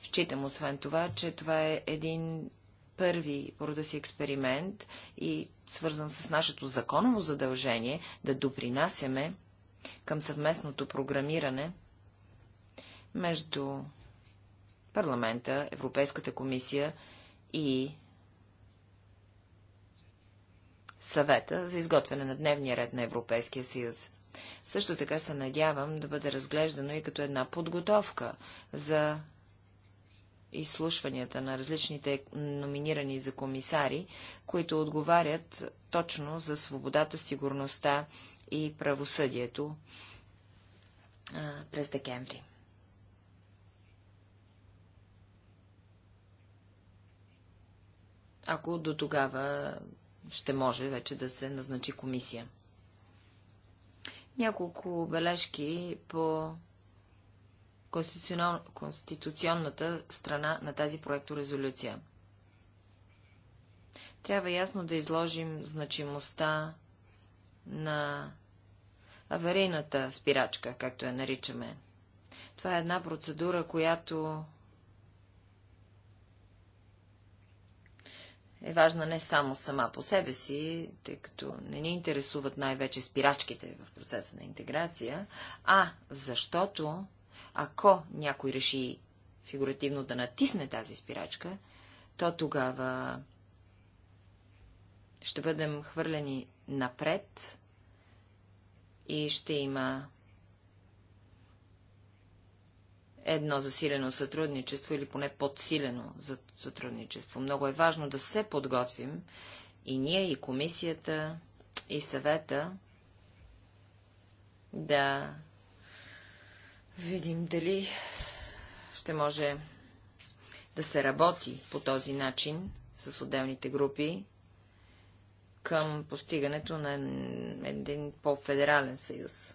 Считам, освен това, че това е един първи по рода си експеримент и свързан с нашето законово задължение да допринасяме към съвместното програмиране между парламента, Европейската комисия и съвета за изготвяне на дневния ред на Европейския съюз. Също така се надявам да бъде разглеждано и като една подготовка за изслушванията на различните номинирани за комисари, които отговарят точно за свободата, сигурността и правосъдието през декември. Ако до тогава ще може вече да се назначи комисия. Няколко бележки по конституционната страна на тази проекторезолюция. Трябва ясно да изложим значимостта на аварийната спирачка, както я наричаме. Това е една процедура, която е важна не само сама по себе си, тъй като не ни интересуват най-вече спирачките в процеса на интеграция, а защото ако някой реши фигуративно да натисне тази спирачка, то тогава ще бъдем хвърлени напред и ще има едно засилено сътрудничество или поне подсилено сътрудничество. Много е важно да се подготвим и ние, и комисията, и съвета да видим дали ще може да се работи по този начин с отделните групи към постигането на един по-федерален съюз.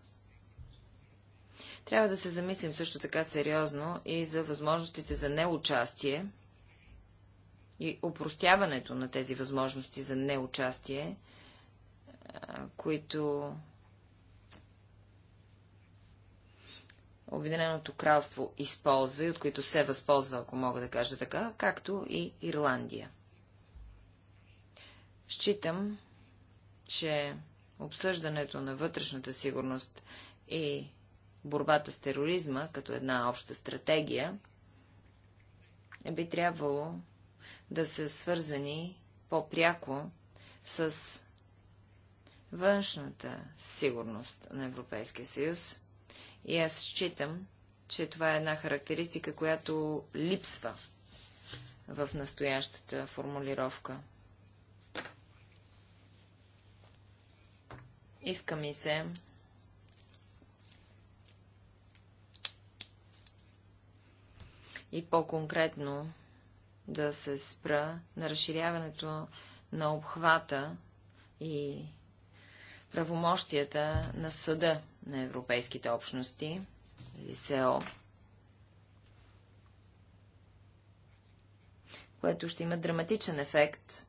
Трябва да се замислим също така сериозно и за възможностите за неучастие и упростяването на тези възможности за неучастие, които Обединеното кралство използва и от които се възползва, ако мога да кажа така, както и Ирландия. Считам, че обсъждането на вътрешната сигурност и борбата с тероризма като една обща стратегия би трябвало да се свързани по-пряко с външната сигурност на Европейския съюз и аз считам, че това е една характеристика, която липсва в настоящата формулировка. Иска ми се и по-конкретно да се спра на разширяването на обхвата и правомощията на съда на европейските общности или СЕО, което ще има драматичен ефект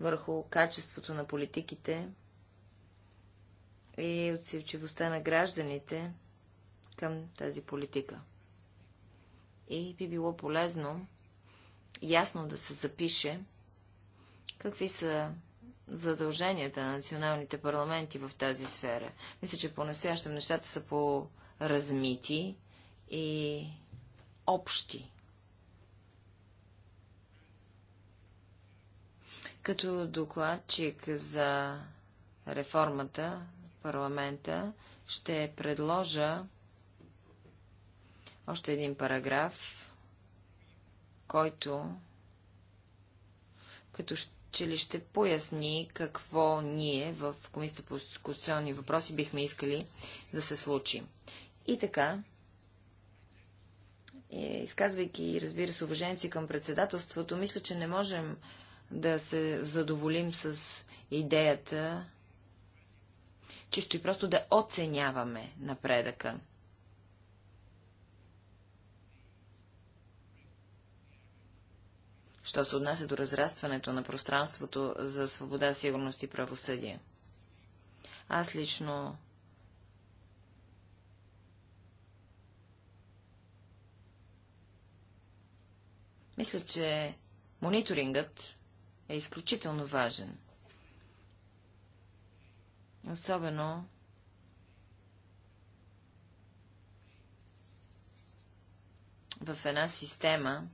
върху качеството на политиките и отсивчивостта на гражданите към тази политика. И би било полезно ясно да се запише какви са задълженията на националните парламенти в тази сфера. Мисля, че по-настоящем нещата са по-размити и общи. Като докладчик за реформата, парламента, ще предложа още един параграф, който като ще че ли ще поясни какво ние в Комисията по конституционни въпроси бихме искали да се случи. И така, е, изказвайки, разбира се, уважението си към председателството, мисля, че не можем да се задоволим с идеята чисто и просто да оценяваме напредъка. що се отнася до разрастването на пространството за свобода, сигурност и правосъдие. Аз лично мисля, че мониторингът е изключително важен. Особено в една система,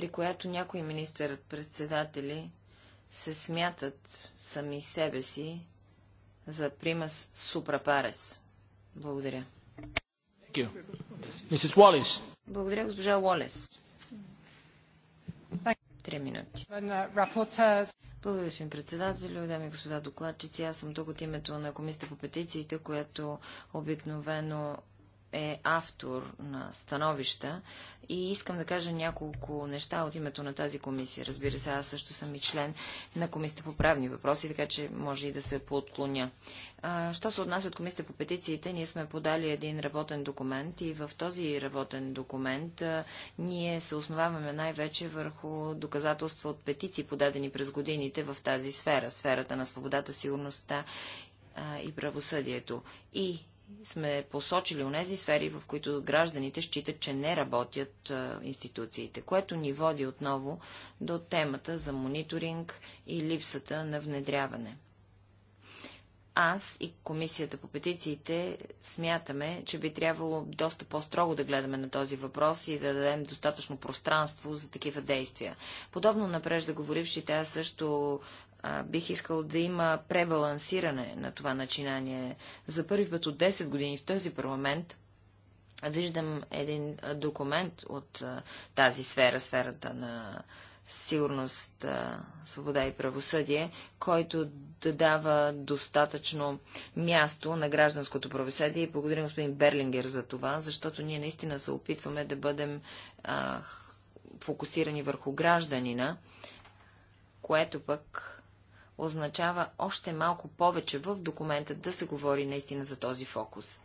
при която някои министър-председатели се смятат сами себе си за примас супрапарес. Благодаря. Благодаря, госпожа Уолес. Три минути. Благодаря, господин председател, дами и господа докладчици. Аз съм тук от името на Комисията по петициите, която обикновено е автор на становища и искам да кажа няколко неща от името на тази комисия. Разбира се, аз също съм и член на комисията по правни въпроси, така че може и да се поотклоня. що се отнася от комисията по петициите, ние сме подали един работен документ и в този работен документ ние се основаваме най-вече върху доказателства от петиции, подадени през годините в тази сфера, сферата на свободата, сигурността и правосъдието. И сме посочили онези сфери, в които гражданите считат, че не работят а, институциите, което ни води отново до темата за мониторинг и липсата на внедряване. Аз и Комисията по петициите смятаме, че би трябвало доста по-строго да гледаме на този въпрос и да дадем достатъчно пространство за такива действия. Подобно на преждеговорившите, аз също бих искал да има пребалансиране на това начинание. За първи път от 10 години в този парламент виждам един документ от тази сфера, сферата на сигурност, свобода и правосъдие, който да дава достатъчно място на гражданското правосъдие. И благодаря господин Берлингер за това, защото ние наистина се опитваме да бъдем а, фокусирани върху гражданина, което пък означава още малко повече в документа да се говори наистина за този фокус.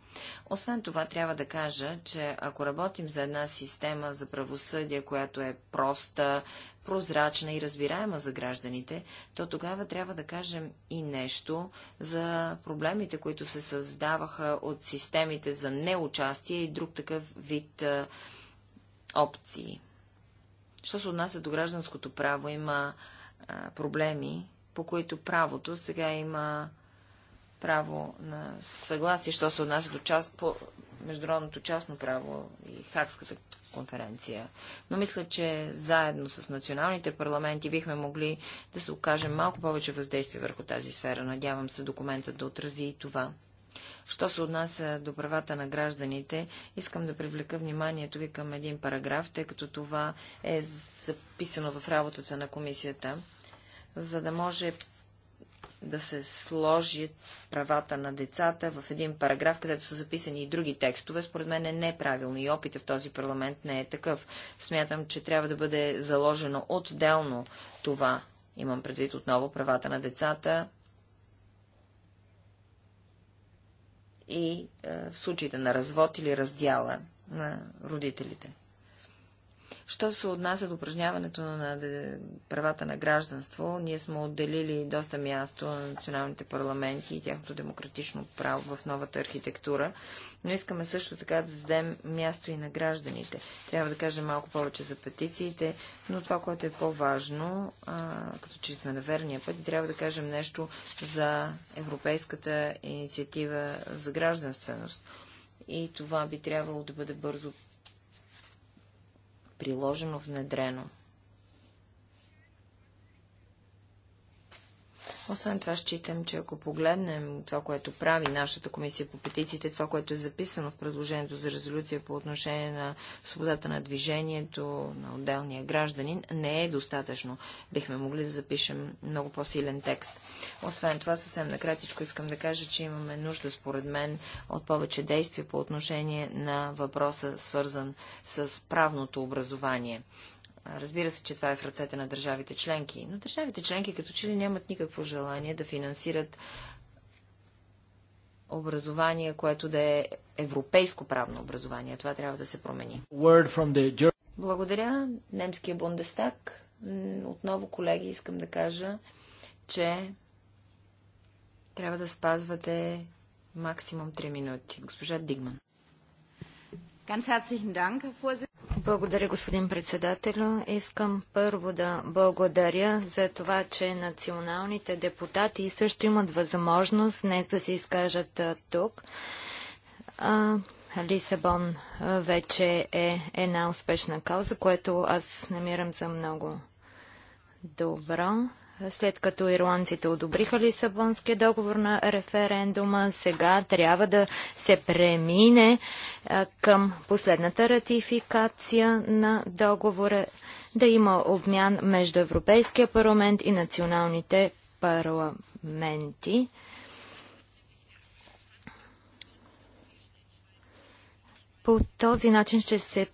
Освен това, трябва да кажа, че ако работим за една система за правосъдие, която е проста, прозрачна и разбираема за гражданите, то тогава трябва да кажем и нещо за проблемите, които се създаваха от системите за неучастие и друг такъв вид а, опции. Що се отнася до гражданското право, има а, проблеми, по които правото сега има право на съгласие, що се отнася до част, по международното частно право и Хакската конференция. Но мисля, че заедно с националните парламенти бихме могли да се окажем малко повече въздействие върху тази сфера. Надявам се документът да отрази и това. Що се отнася до правата на гражданите, искам да привлека вниманието ви към един параграф, тъй като това е записано в работата на комисията за да може да се сложи правата на децата в един параграф, където са записани и други текстове, според мен е неправилно и опита в този парламент не е такъв. Смятам, че трябва да бъде заложено отделно това. Имам предвид отново правата на децата и е, в случаите на развод или раздяла на родителите. Що се отнася до упражняването на правата на гражданство, ние сме отделили доста място на националните парламенти и тяхното демократично право в новата архитектура, но искаме също така да дадем място и на гражданите. Трябва да кажем малко повече за петициите, но това, което е по-важно, като че сме на верния път, трябва да кажем нещо за Европейската инициатива за гражданственост. И това би трябвало да бъде бързо приложено, внедрено. Освен това, считам, че ако погледнем това, което прави нашата комисия по петициите, това, което е записано в предложението за резолюция по отношение на свободата на движението на отделния гражданин, не е достатъчно. Бихме могли да запишем много по-силен текст. Освен това, съвсем накратичко искам да кажа, че имаме нужда, според мен, от повече действия по отношение на въпроса, свързан с правното образование. Разбира се, че това е в ръцете на държавите членки, но държавите членки като че ли нямат никакво желание да финансират образование, което да е европейско правно образование. Това трябва да се промени. The... Благодаря. Немския Бундестаг. Отново, колеги, искам да кажа, че трябва да спазвате максимум 3 минути. Госпожа Дигман. Благодаря, господин председател. Искам първо да благодаря за това, че националните депутати също имат възможност днес да се изкажат тук. А, Лисабон вече е една успешна кауза, което аз намирам за много добро след като ирландците одобриха Лисабонския договор на референдума, сега трябва да се премине към последната ратификация на договора, да има обмян между Европейския парламент и националните парламенти. По този начин ще, се,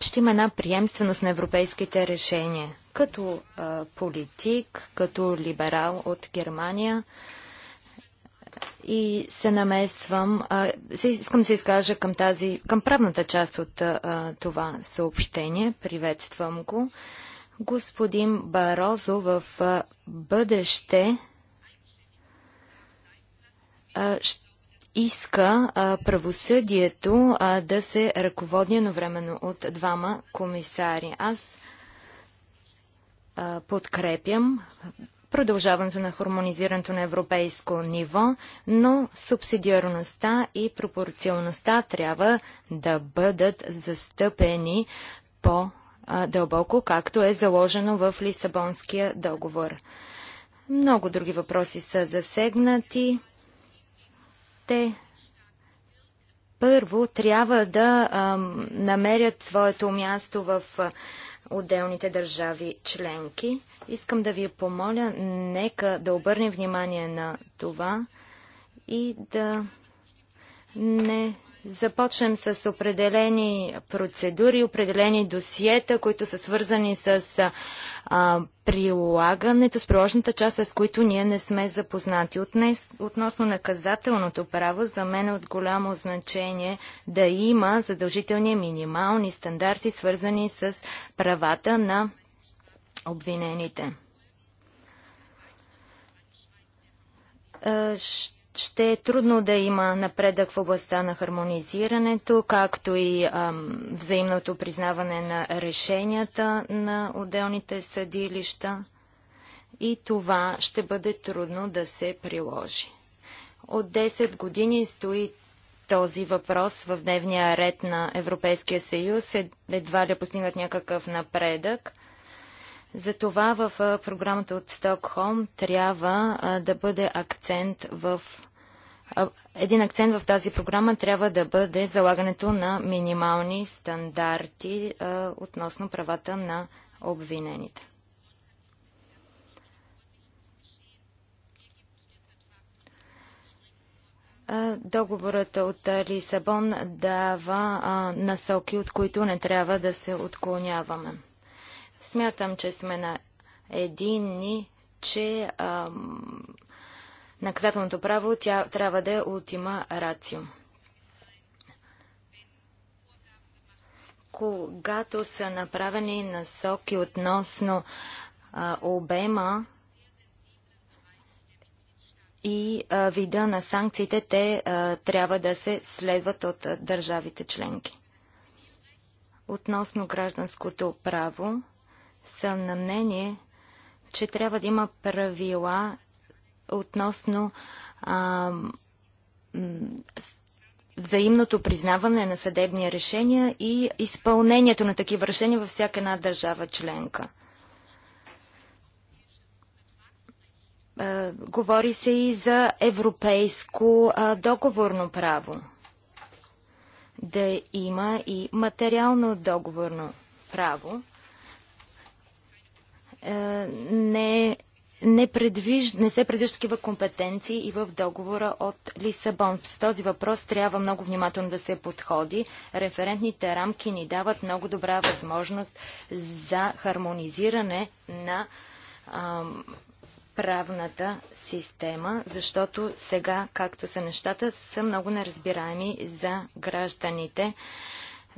ще има една приемственост на европейските решения. Като а, политик, като либерал от Германия и се намесвам, а, искам да се изкажа към, тази, към правната част от а, това съобщение. Приветствам го. Господин Барозо в а, бъдеще а, иска а, правосъдието а, да се ръководи едновременно от двама комисари. Аз подкрепям продължаването на хармонизирането на европейско ниво, но субсидиарността и пропорционалността трябва да бъдат застъпени по-дълбоко, както е заложено в Лисабонския договор. Много други въпроси са засегнати. Те първо трябва да а, намерят своето място в а, отделните държави членки. Искам да ви помоля, нека да обърнем внимание на това и да не започнем с определени процедури, определени досиета, които са свързани с а, прилагането, с приложната част, с които ние не сме запознати. Отнес, относно наказателното право, за мен е от голямо значение да има задължителни минимални стандарти, свързани с правата на обвинените. Ще ще е трудно да има напредък в областта на хармонизирането, както и ам, взаимното признаване на решенията на отделните съдилища. И това ще бъде трудно да се приложи. От 10 години стои този въпрос в дневния ред на Европейския съюз. Е, едва ли постигнат някакъв напредък. Затова в програмата от Стокхолм трябва да бъде акцент в един акцент в тази програма трябва да бъде залагането на минимални стандарти а, относно правата на обвинените. Договорът от Лисабон дава а, насоки, от които не трябва да се отклоняваме. Смятам, че сме на единни, че наказателното право, тя трябва да е ултима рацио. Когато са направени насоки относно а, обема и а, вида на санкциите, те а, трябва да се следват от а, държавите членки. Относно гражданското право, съм на мнение, че трябва да има правила относно а, взаимното признаване на съдебни решения и изпълнението на такива решения във всяка една държава членка. Говори се и за европейско а, договорно право. Да има и материално договорно право. Е, не е не, предвиж... не се предвижда такива компетенции и в договора от Лисабон. С този въпрос трябва много внимателно да се подходи. Референтните рамки ни дават много добра възможност за хармонизиране на ам, правната система, защото сега, както са нещата, са много неразбираеми за гражданите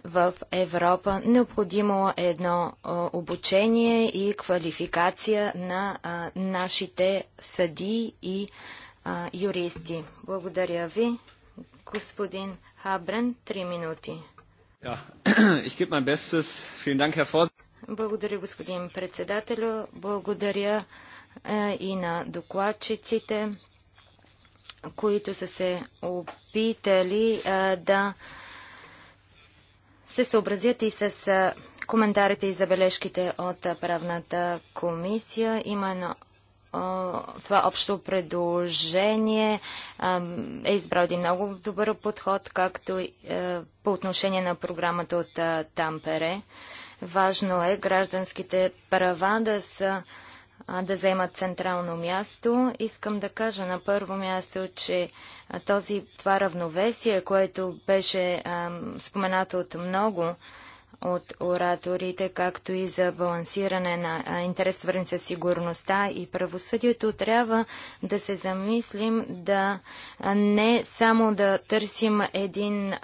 в Европа. Необходимо е едно а, обучение и квалификация на а, нашите съди и а, юристи. Благодаря ви. Господин Хабрен, три минути. *clears throat* Благодаря, господин председател, Благодаря и на докладчиците, които са се опитали да се съобразят и с коментарите и забележките от правната комисия. едно това общо предложение е избрал един много добър подход, както по отношение на програмата от Тампере. Важно е гражданските права да са да заемат централно място. Искам да кажа на първо място, че този, това равновесие, което беше споменато от много от ораторите, както и за балансиране на интерес, свързан с сигурността и правосъдието, трябва да се замислим да не само да търсим един,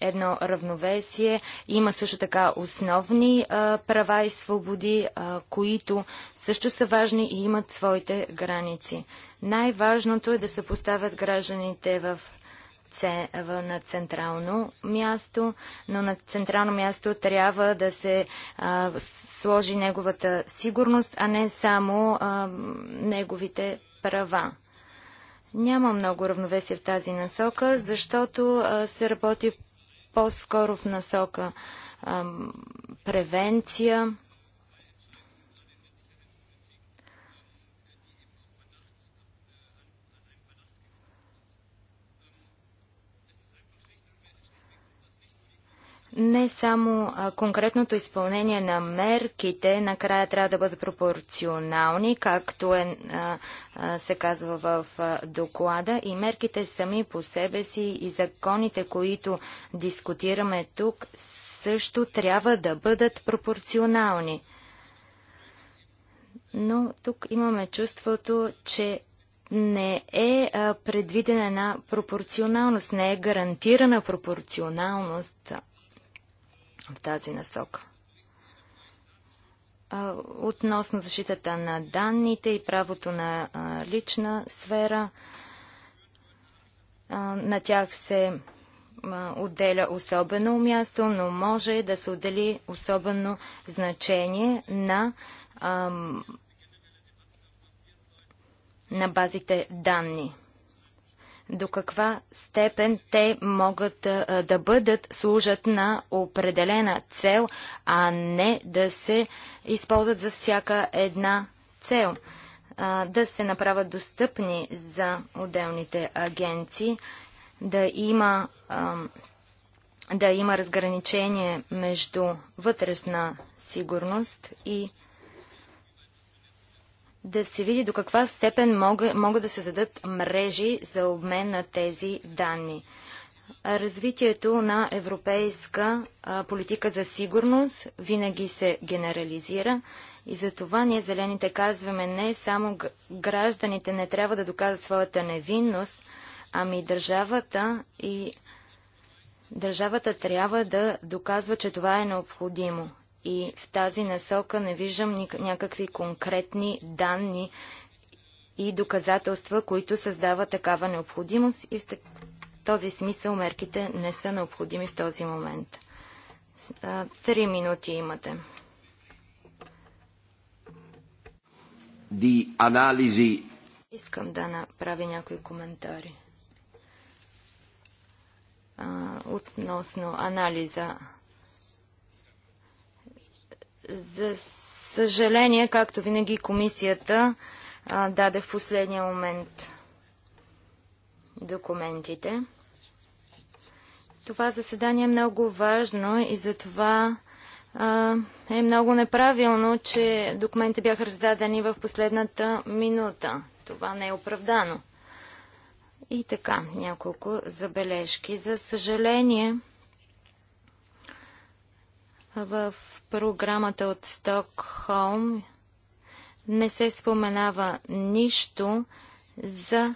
едно равновесие. Има също така основни права и свободи, които също са важни и имат своите граници. Най-важното е да се поставят гражданите в це, на централно място, но на централно място трябва да се а, сложи неговата сигурност, а не само а, неговите права. Няма много равновесие в тази насока, защото а, се работи по-скоро в насока а, превенция не само конкретното изпълнение на мерките накрая трябва да бъдат пропорционални, както е, се казва в доклада, и мерките сами по себе си и законите, които дискутираме тук, също трябва да бъдат пропорционални. Но тук имаме чувството, че не е предвидена една пропорционалност, не е гарантирана пропорционалност в тази насока. Относно защитата на данните и правото на лична сфера, на тях се отделя особено място, но може да се отдели особено значение на, на базите данни до каква степен те могат да бъдат, служат на определена цел, а не да се използват за всяка една цел. А, да се направят достъпни за отделните агенции, да има, а, да има разграничение между вътрешна сигурност и да се види до каква степен могат, да се дадат мрежи за обмен на тези данни. Развитието на европейска а, политика за сигурност винаги се генерализира и за това ние зелените казваме не само гражданите не трябва да доказват своята невинност, ами държавата и държавата трябва да доказва, че това е необходимо. И в тази насока не виждам някакви конкретни данни и доказателства, които създават такава необходимост и в този смисъл мерките не са необходими в този момент. Три минути имате. Искам да направя някои коментари относно анализа за съжаление, както винаги, комисията а, даде в последния момент документите. Това заседание е много важно и затова а, е много неправилно, че документите бяха раздадени в последната минута. Това не е оправдано. И така, няколко забележки. За съжаление, в програмата от Стокхолм не се споменава нищо за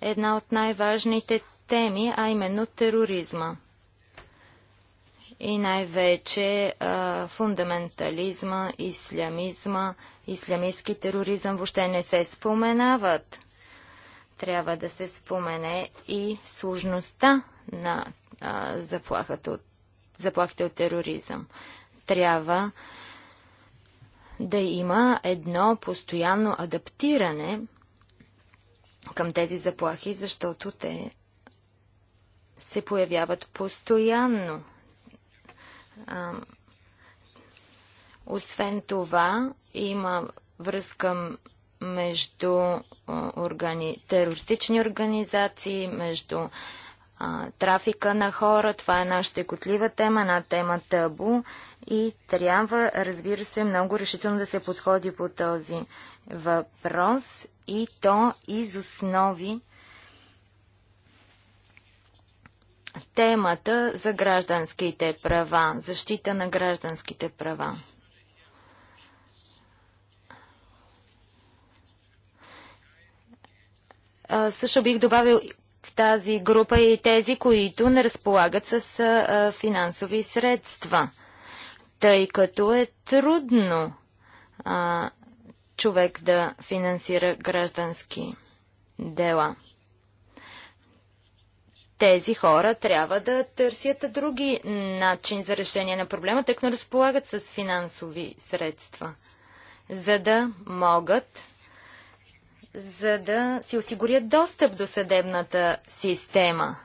една от най-важните теми, а именно тероризма. И най-вече фундаментализма, ислямизма, ислямистски тероризъм въобще не се споменават. Трябва да се спомене и сложността на а, заплахата от, заплахите от тероризъм трябва да има едно постоянно адаптиране към тези заплахи, защото те се появяват постоянно. А, освен това, има връзка между органи... терористични организации, между а, трафика на хора. Това е една щекотлива тема, една тема табу и трябва, разбира се, много решително да се подходи по този въпрос и то из основи темата за гражданските права, защита на гражданските права. също бих добавил в тази група и тези, които не разполагат с а, финансови средства, тъй като е трудно а, човек да финансира граждански дела. Тези хора трябва да търсят други начин за решение на проблема, тъй като разполагат с финансови средства, за да могат за да си осигурят достъп до съдебната система.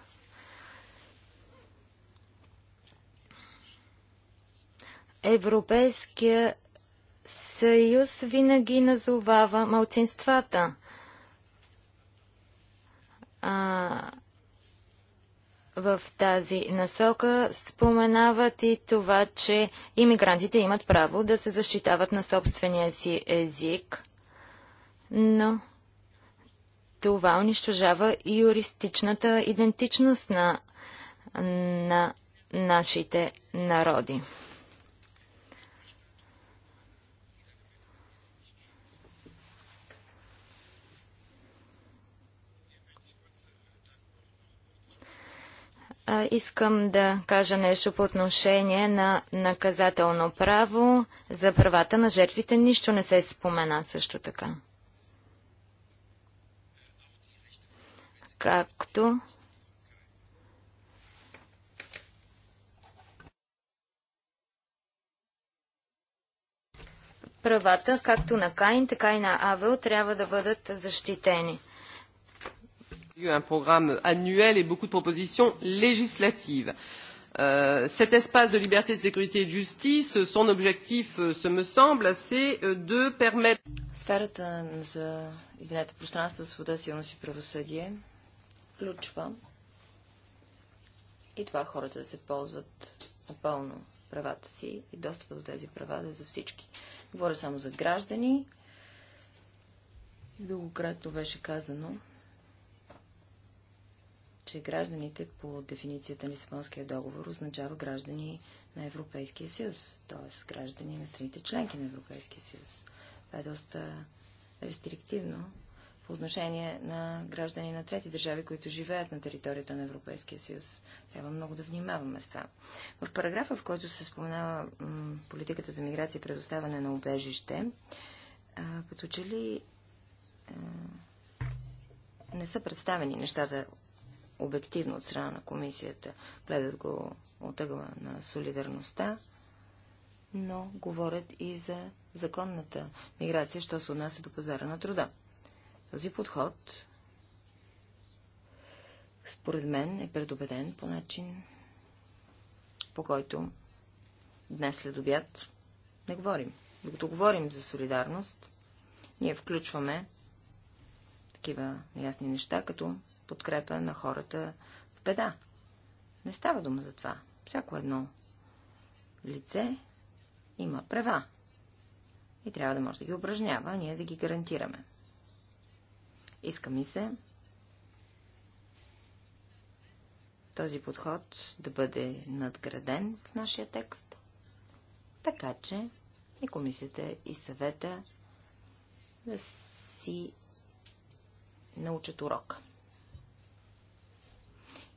Европейския съюз винаги назовава малцинствата. А, в тази насока споменават и това, че иммигрантите имат право да се защитават на собствения си език, но това унищожава и юристичната идентичност на, на нашите народи. Искам да кажа нещо по отношение на наказателно право. За правата на жертвите нищо не се спомена също така. както правата, както на Каин, така и на Авел, трябва да бъдат защитени. Un programme annuel et beaucoup de propositions législatives. Euh, cet espace de liberté, de sécurité et de justice, son objectif, ce me semble, c'est de permettre включва и това хората да се ползват напълно правата си и достъпа до тези права да е за всички. Говоря само за граждани. Дългократно беше казано, че гражданите по дефиницията на Лисабонския договор означава граждани на Европейския съюз, т.е. граждани на страните членки на Европейския съюз. Това е доста рестриктивно по отношение на граждани на трети държави, които живеят на територията на Европейския съюз. Трябва много да внимаваме с това. В параграфа, в който се споменава политиката за миграция и предоставяне на убежище, а, като че ли а, е, не са представени нещата обективно от страна на комисията. Гледат го от ъгъла на солидарността, но говорят и за законната миграция, що се отнася до пазара на труда. Този подход, според мен, е предубеден по начин, по който днес след обяд не говорим. Докато говорим за солидарност, ние включваме такива ясни неща, като подкрепа на хората в беда. Не става дума за това. Всяко едно лице има права и трябва да може да ги упражнява, а ние да ги гарантираме. Иска ми се този подход да бъде надграден в нашия текст, така че и комисията и съвета да си научат урока.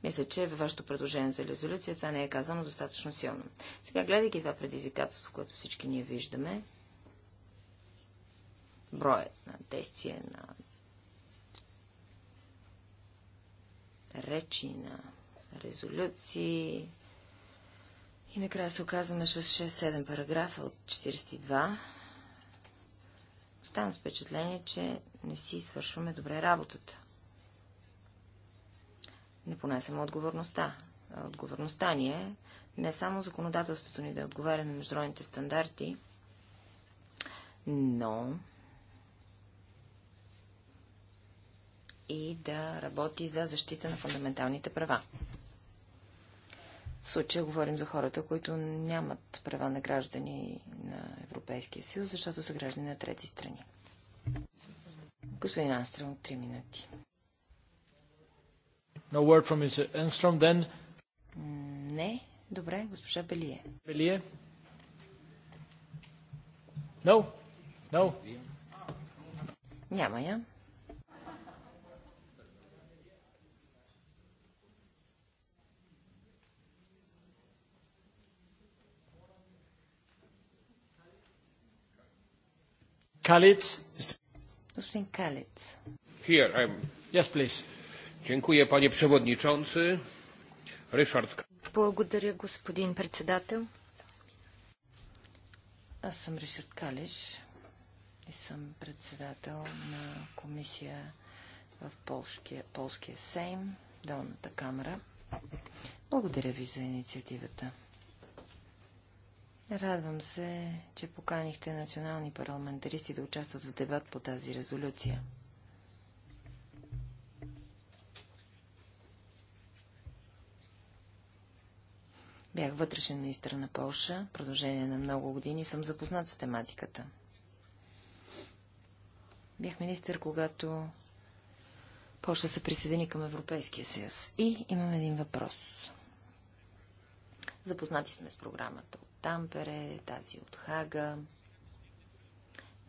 Мисля, че във вашето предложение за резолюция това не е казано достатъчно силно. Сега, гледайки това предизвикателство, което всички ние виждаме, броят на действие на речи, на резолюции. И накрая се оказваме с 6-7 параграфа от 42. Оставам с впечатление, че не си свършваме добре работата. Не понесем отговорността. Отговорността ни е не само законодателството ни да отговаря на международните стандарти, но и да работи за защита на фундаменталните права. В случая говорим за хората, които нямат права на граждани на Европейския съюз, защото са граждани на трети страни. Господин Анстром, 3 минути. No word from Mr. Enstrom, then. Не. Добре, госпожа Белие. Белие? No. No. Няма я. Господин Here Yes, please. Dziękuję, panie przewodniczący. Ryszard. Благодаря, господин председател. Аз съм Ришард Калиш и съм председател на комисия в Полския, Полския Сейм, долната камера. Благодаря ви за инициативата. Радвам се, че поканихте национални парламентаристи да участват в дебат по тази резолюция. Бях вътрешен министр на Полша, продължение на много години съм запознат с тематиката. Бях министр, когато Польша се присъедини към Европейския съюз. И имам един въпрос. Запознати сме с програмата от Тампере, тази от Хага.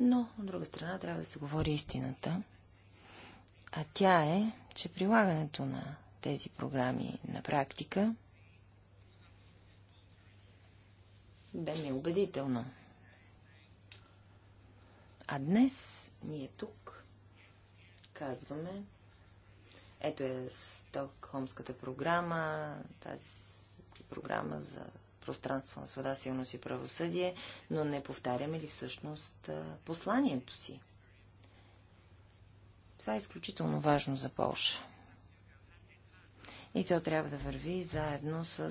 Но, от друга страна, трябва да се говори истината. А тя е, че прилагането на тези програми на практика бе неубедително. А днес ние тук казваме, ето е Стокхолмската програма, тази програма за пространство на свода, силност и правосъдие, но не повтаряме ли всъщност посланието си? Това е изключително важно за Полша. И то трябва да върви заедно с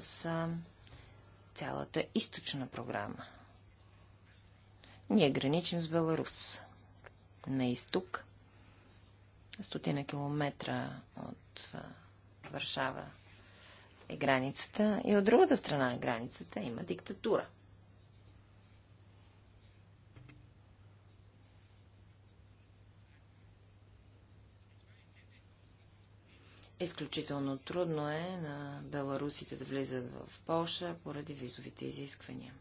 цялата източна програма. Ние граничим с Беларус. На изток, стотина километра от Варшава е границата и от другата страна на границата има диктатура. Изключително трудно е на беларусите да влизат в Полша поради визовите изисквания.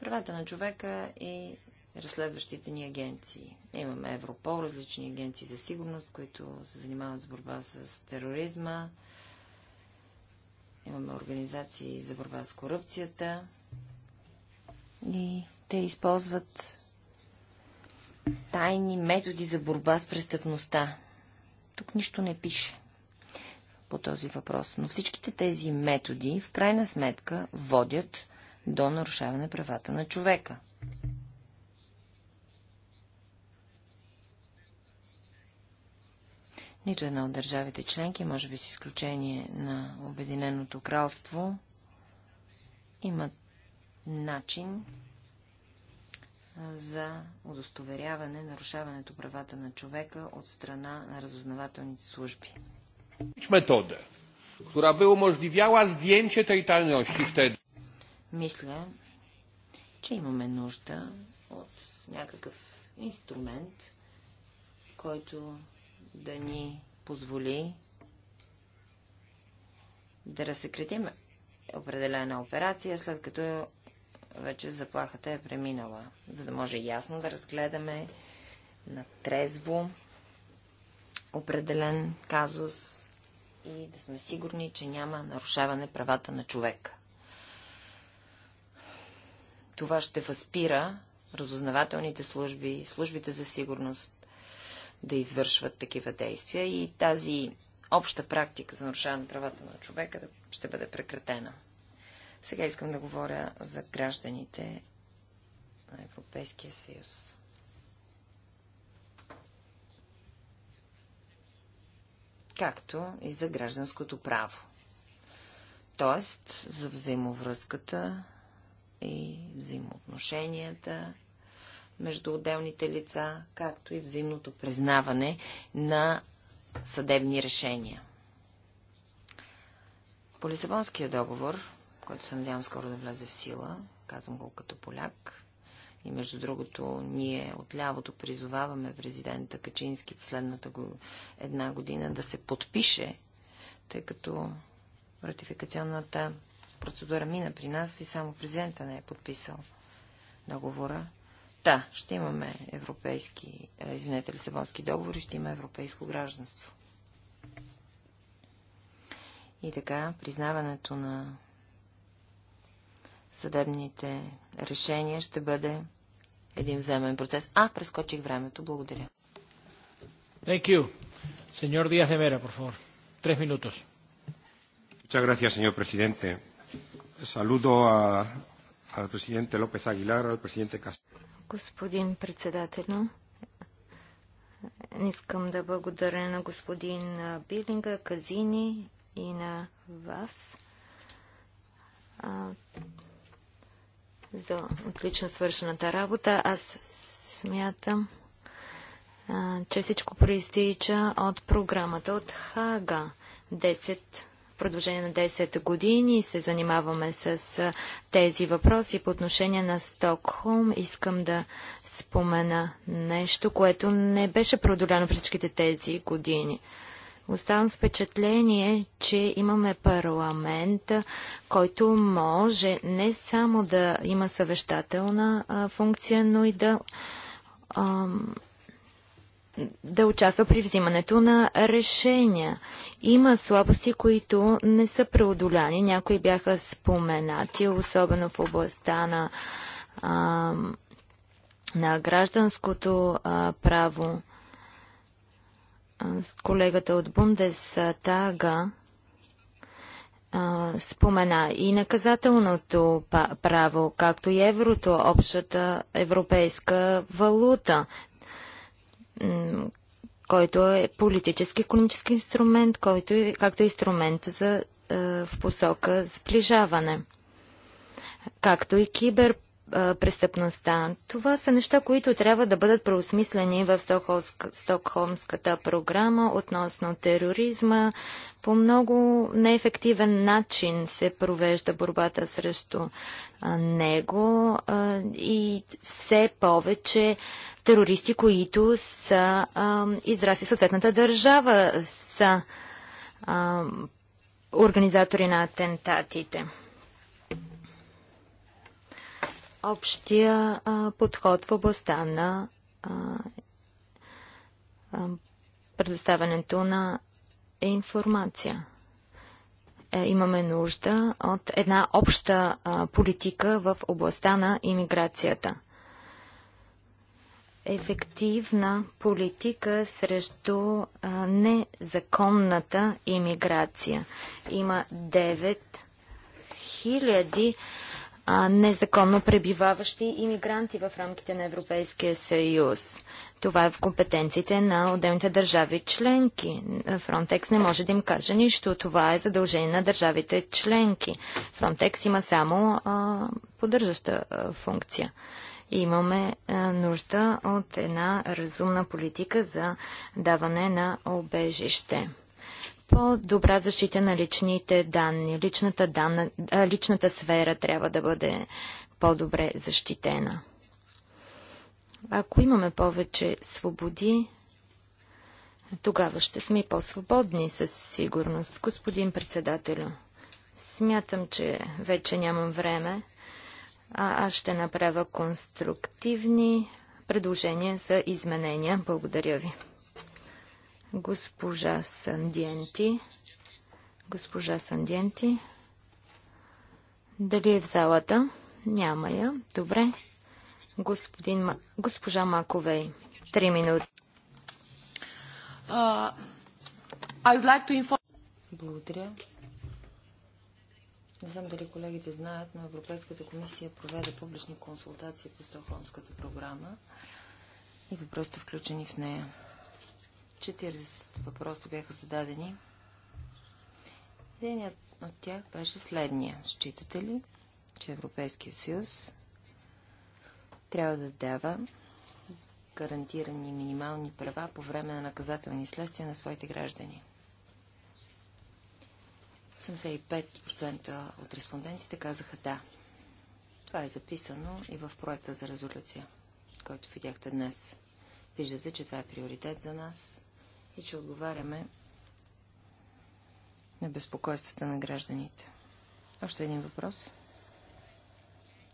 Правата на човека и разследващите ни агенции. Имаме Европол, различни агенции за сигурност, които се занимават с борба с тероризма. Имаме организации за борба с корупцията. И те използват тайни методи за борба с престъпността. Тук нищо не пише по този въпрос. Но всичките тези методи в крайна сметка водят до нарушаване правата на човека – Нито една от държавите членки, може би с изключение на Обединеното кралство, има начин за удостоверяване нарушаването правата на човека от страна на разузнавателните служби. Метода, която би умождивяла zdjęcie tej tajności wtedy. Мисля, че имаме нужда от някакъв инструмент, който да ни позволи да разсекретим определена операция, след като вече заплахата е преминала, за да може ясно да разгледаме на трезво определен казус и да сме сигурни, че няма нарушаване правата на човека. Това ще възпира разузнавателните служби, службите за сигурност да извършват такива действия и тази обща практика за нарушаване на правата на човека ще бъде прекратена. Сега искам да говоря за гражданите на Европейския съюз. Както и за гражданското право. Тоест за взаимовръзката и взаимоотношенията между отделните лица, както и взаимното признаване на съдебни решения. По Лисабонския договор, който се надявам скоро да влезе в сила, казвам го като поляк, и между другото, ние от лявото призоваваме президента Качински последната го, една година да се подпише, тъй като ратификационната процедура мина при нас и само президента не е подписал договора. Да, ще имаме европейски, е, извинете, Лисабонски договор и ще има европейско гражданство. И така, признаването на съдебните решения ще бъде един вземен процес. А, прескочих времето. Благодаря. Thank you. Señor Díaz de Mera, por favor. Tres minutos. Muchas gracias, señor presidente. Saludo a, al presidente López Aguilar, al presidente Castro. Господин председател, искам да благодаря на господин Билинга, Казини и на вас а, за отлично свършената работа. Аз смятам, а, че всичко проистича от програмата от Хага. 10 продължение на 10 години се занимаваме с тези въпроси. По отношение на Стокхолм искам да спомена нещо, което не беше продоляно всичките тези години. Оставам с впечатление, че имаме парламент, който може не само да има съвещателна функция, но и да ам, да участва при взимането на решения. Има слабости, които не са преодоляни. Някои бяха споменати, особено в областта на, а, на гражданското а, право. С колегата от Бундестага спомена и наказателното право, както и еврото, общата европейска валута който е политически економически инструмент, който е, както е инструмент за, е, в посока сближаване, както и кибер престъпността. Това са неща, които трябва да бъдат преосмислени в Стокхолмската програма относно тероризма. По много неефективен начин се провежда борбата срещу а, него а, и все повече терористи, които са израсли в съответната държава, са организатори на атентатите общия а, подход в областта на а, а, предоставянето на информация. Е, имаме нужда от една обща а, политика в областта на иммиграцията. Ефективна политика срещу а, незаконната иммиграция. Има 9 хиляди 000 а, незаконно пребиваващи иммигранти в рамките на Европейския съюз. Това е в компетенциите на отделните държави членки. Фронтекс не може да им каже нищо. Това е задължение на държавите членки. Фронтекс има само а, поддържаща а, функция. И имаме а, нужда от една разумна политика за даване на обежище по-добра защита на личните данни. Личната, данна, личната сфера трябва да бъде по-добре защитена. Ако имаме повече свободи, тогава ще сме и по-свободни със сигурност. Господин председателю, смятам, че вече нямам време. А аз ще направя конструктивни предложения за изменения. Благодаря ви. Госпожа Сандиенти. Госпожа Сандиенти. Дали е в залата? Няма я. Добре. Господин, госпожа Маковей. Три минути. Uh, like to inform... Благодаря. Не знам дали колегите знаят, но Европейската комисия проведе публични консултации по Стохолмската програма и въпросите включени в нея. 40 въпроса бяха зададени. Единият от тях беше следния. Считате ли, че Европейския съюз трябва да дава гарантирани минимални права по време на наказателни следствия на своите граждани? 85% от респондентите казаха да. Това е записано и в проекта за резолюция, който видяхте днес. Виждате, че това е приоритет за нас и че отговаряме на безпокойствата на гражданите. Още един въпрос.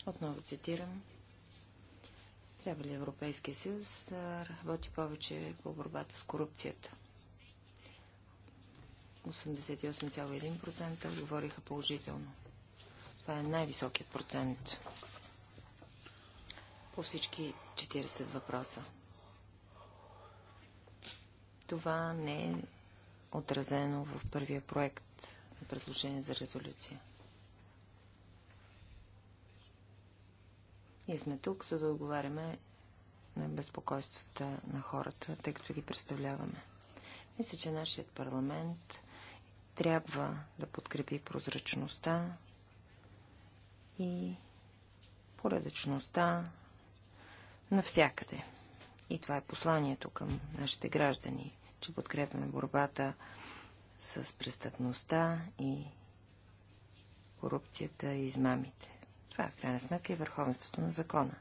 Отново цитирам. Трябва ли Европейския съюз да работи повече по борбата с корупцията? 88,1% отговориха положително. Това е най-високият процент по всички 40 въпроса. Това не е отразено в първия проект на предложение за резолюция. Ние сме тук, за да отговаряме на безпокойствата на хората, тъй като ги представляваме. Мисля, че нашият парламент трябва да подкрепи прозрачността и поредъчността навсякъде. И това е посланието към нашите граждани, че подкрепяме борбата с престъпността и корупцията и измамите. Това, в крайна сметка, е върховенството на закона.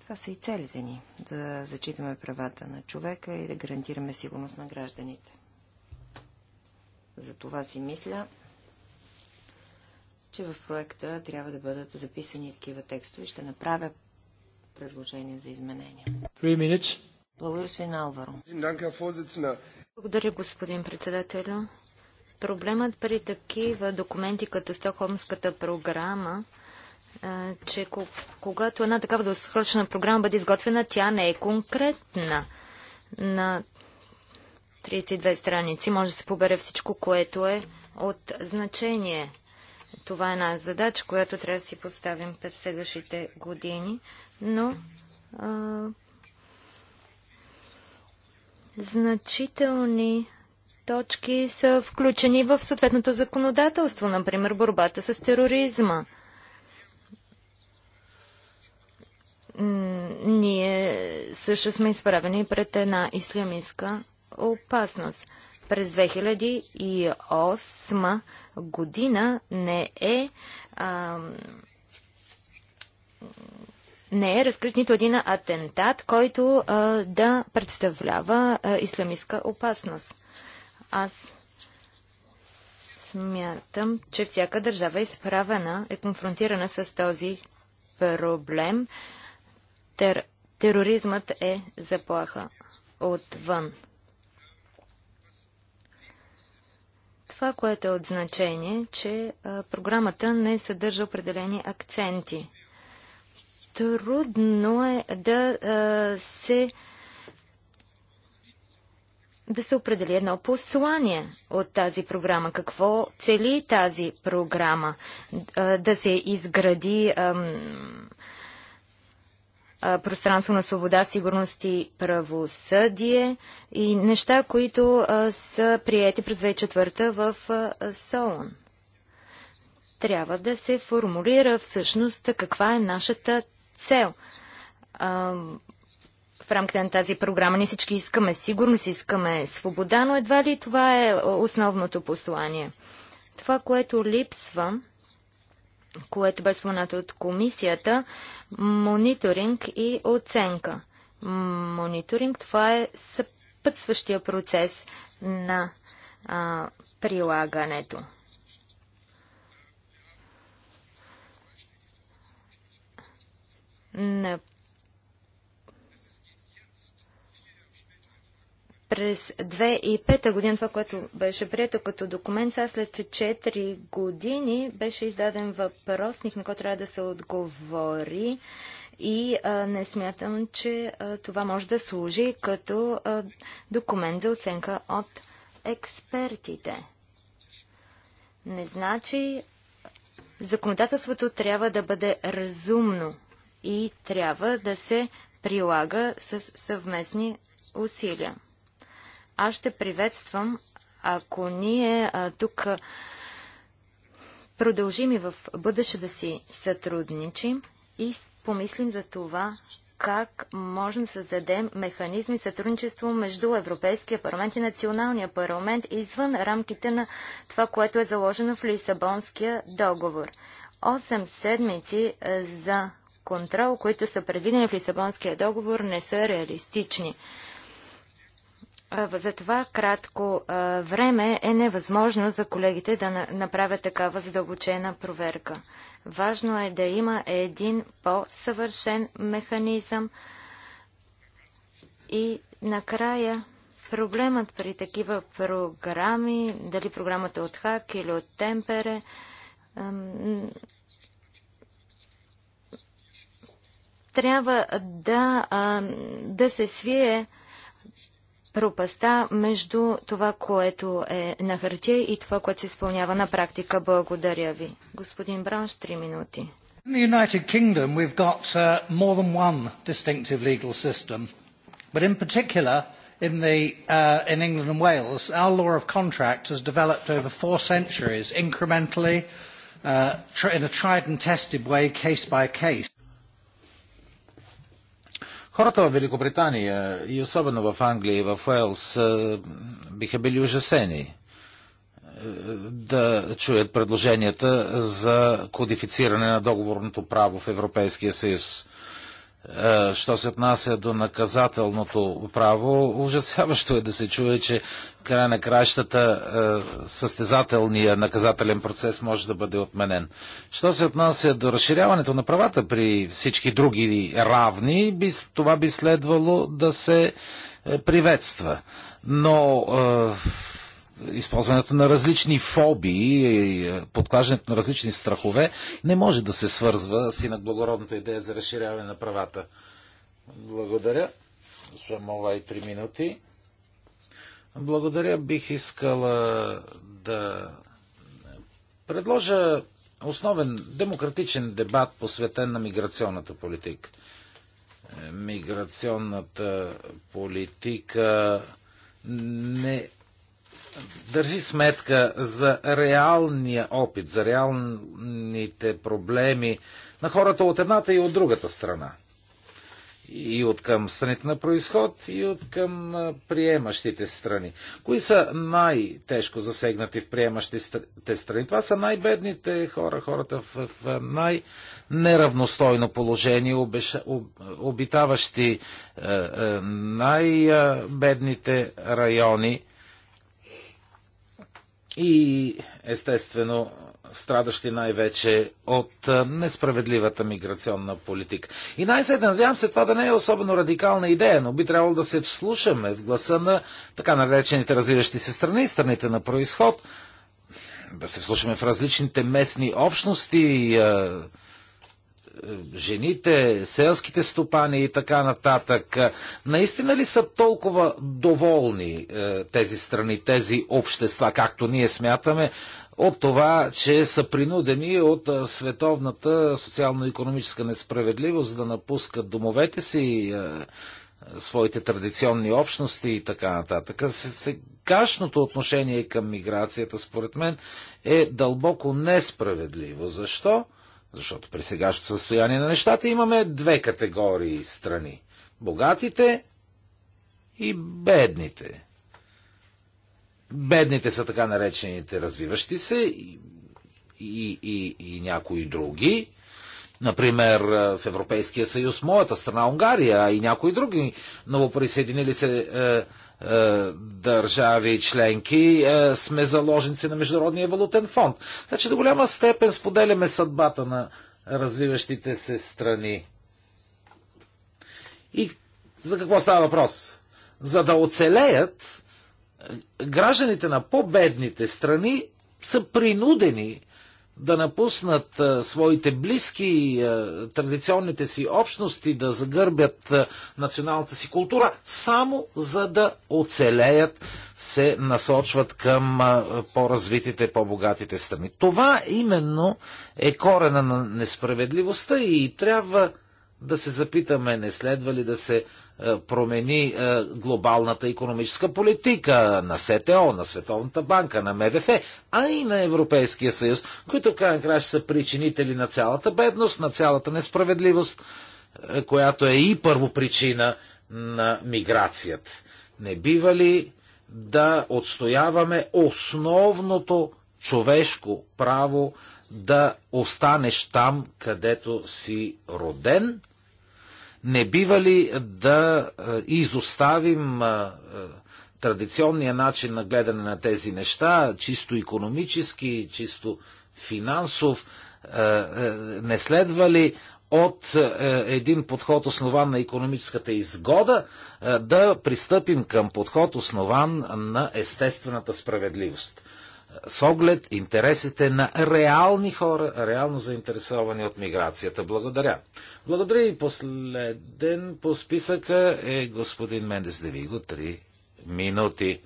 Това са и целите ни – да зачитаме правата на човека и да гарантираме сигурност на гражданите. За това си мисля, че в проекта трябва да бъдат записани такива текстове. Ще направя предложения за изменения. Благодаря, господин Алваро. Благодаря, господин председателю. Проблемът при такива документи като Стокхолмската програма че когато една такава дългосрочна програма бъде изготвена, тя не е конкретна. На 32 страници може да се побере всичко, което е от значение. Това е една задача, която трябва да си поставим през следващите години но а, значителни точки са включени в съответното законодателство, например борбата с тероризма. Ние също сме изправени пред една ислямистка опасност. През 2008 година не е а, не е разкрит нито един атентат, който а, да представлява а, исламистка опасност. Аз смятам, че всяка държава е изправена, е конфронтирана с този проблем. Тер, тероризмът е заплаха отвън. Това, което е от значение, че а, програмата не съдържа определени акценти трудно е да а, се да се определи едно послание от тази програма. Какво цели тази програма? Да се изгради ам, пространство на свобода, сигурност и правосъдие и неща, които а, са приети през 2004 в а, Солон. Трябва да се формулира всъщност каква е нашата цел. А, в рамките на тази програма ни всички искаме сигурност, искаме свобода, но едва ли това е основното послание. Това, което липсва, което бе споменато от комисията, мониторинг и оценка. Мониторинг това е съпътстващия процес на а, прилагането. на през 2005 година, това, което беше прието като документ, сега след 4 години беше издаден въпросник, на който трябва да се отговори и а, не смятам, че а, това може да служи като а, документ за оценка от експертите. Не значи законодателството трябва да бъде разумно и трябва да се прилага с съвместни усилия. Аз ще приветствам, ако ние а, тук а, продължим и в бъдеще да си сътрудничим и помислим за това как можем да създадем механизми сътрудничество между Европейския парламент и Националния парламент извън рамките на това, което е заложено в Лисабонския договор. Осем седмици за контрол, които са предвидени в Лисабонския договор, не са реалистични. За това кратко време е невъзможно за колегите да направят такава задълбочена проверка. Важно е да има един по-съвършен механизъм и накрая проблемът при такива програми, дали програмата е от ХАК или от Темпере, трябва да, а, да се свие пропаста между това, което е на хартия и това, което се изпълнява на практика. Благодаря ви. Господин Бранш, 3 минути. In the United Kingdom, we've got uh, more than one distinctive legal system. But in particular, in, the, uh, in England and Wales, our law of contract has developed over four centuries, incrementally, uh, in a tried and tested way, case by case Хората в Великобритания и особено в Англия и в Уелс биха били ужасени да чуят предложенията за кодифициране на договорното право в Европейския съюз. Е, що се отнася до наказателното право, ужасяващо е да се чуе, че в на кращата е, състезателния наказателен процес може да бъде отменен. Що се отнася до разширяването на правата при всички други равни, това би следвало да се е, приветства. Но използването на различни фобии, подклаждането на различни страхове не може да се свързва с инак благородната идея за разширяване на правата. Благодаря. Шамова и три минути. Благодаря. Бих искала да предложа основен демократичен дебат, посветен на миграционната политика. Миграционната политика не държи сметка за реалния опит, за реалните проблеми на хората от едната и от другата страна. И от към страните на происход, и от към приемащите страни. Кои са най-тежко засегнати в приемащите страни? Това са най-бедните хора, хората в, най-неравностойно положение, обитаващи е, е, най-бедните райони и естествено страдащи най-вече от несправедливата миграционна политика. И най-сетне надявам се това да не е особено радикална идея, но би трябвало да се вслушаме в гласа на така наречените развиващи се страни, страните на происход, да се вслушаме в различните местни общности, жените, селските стопани и така нататък. Наистина ли са толкова доволни е, тези страни, тези общества, както ние смятаме, от това, че са принудени от е, световната социално-економическа несправедливост да напускат домовете си, е, своите традиционни общности и така нататък. Сегашното отношение към миграцията, според мен, е дълбоко несправедливо. Защо? Защото при сегашното състояние на нещата имаме две категории страни. Богатите и бедните. Бедните са така наречените развиващи се и, и, и, и някои други. Например, в Европейския съюз моята страна Унгария и някои други новоприсъединили се е, е, държави членки е, сме заложници на Международния валутен фонд. Значи до голяма степен споделяме съдбата на развиващите се страни. И за какво става въпрос? За да оцелеят, е, гражданите на по-бедните страни са принудени да напуснат своите близки, традиционните си общности, да загърбят националната си култура, само за да оцелеят, се насочват към по-развитите, по-богатите страни. Това именно е корена на несправедливостта и трябва да се запитаме, не следва ли да се е, промени е, глобалната економическа политика на СТО, на Световната банка, на МВФ, а и на Европейския съюз, които край краш са причинители на цялата бедност, на цялата несправедливост, е, която е и първопричина на миграцията. Не бива ли да отстояваме основното човешко право да останеш там, където си роден не бива ли да е, изоставим е, е, традиционния начин на гледане на тези неща, чисто економически, чисто финансов, не следва ли от един подход основан на економическата изгода да пристъпим към подход основан на естествената справедливост с оглед интересите на реални хора, реално заинтересовани от миграцията. Благодаря. Благодаря и последен по списъка е господин Мендес Девиго. Три минути.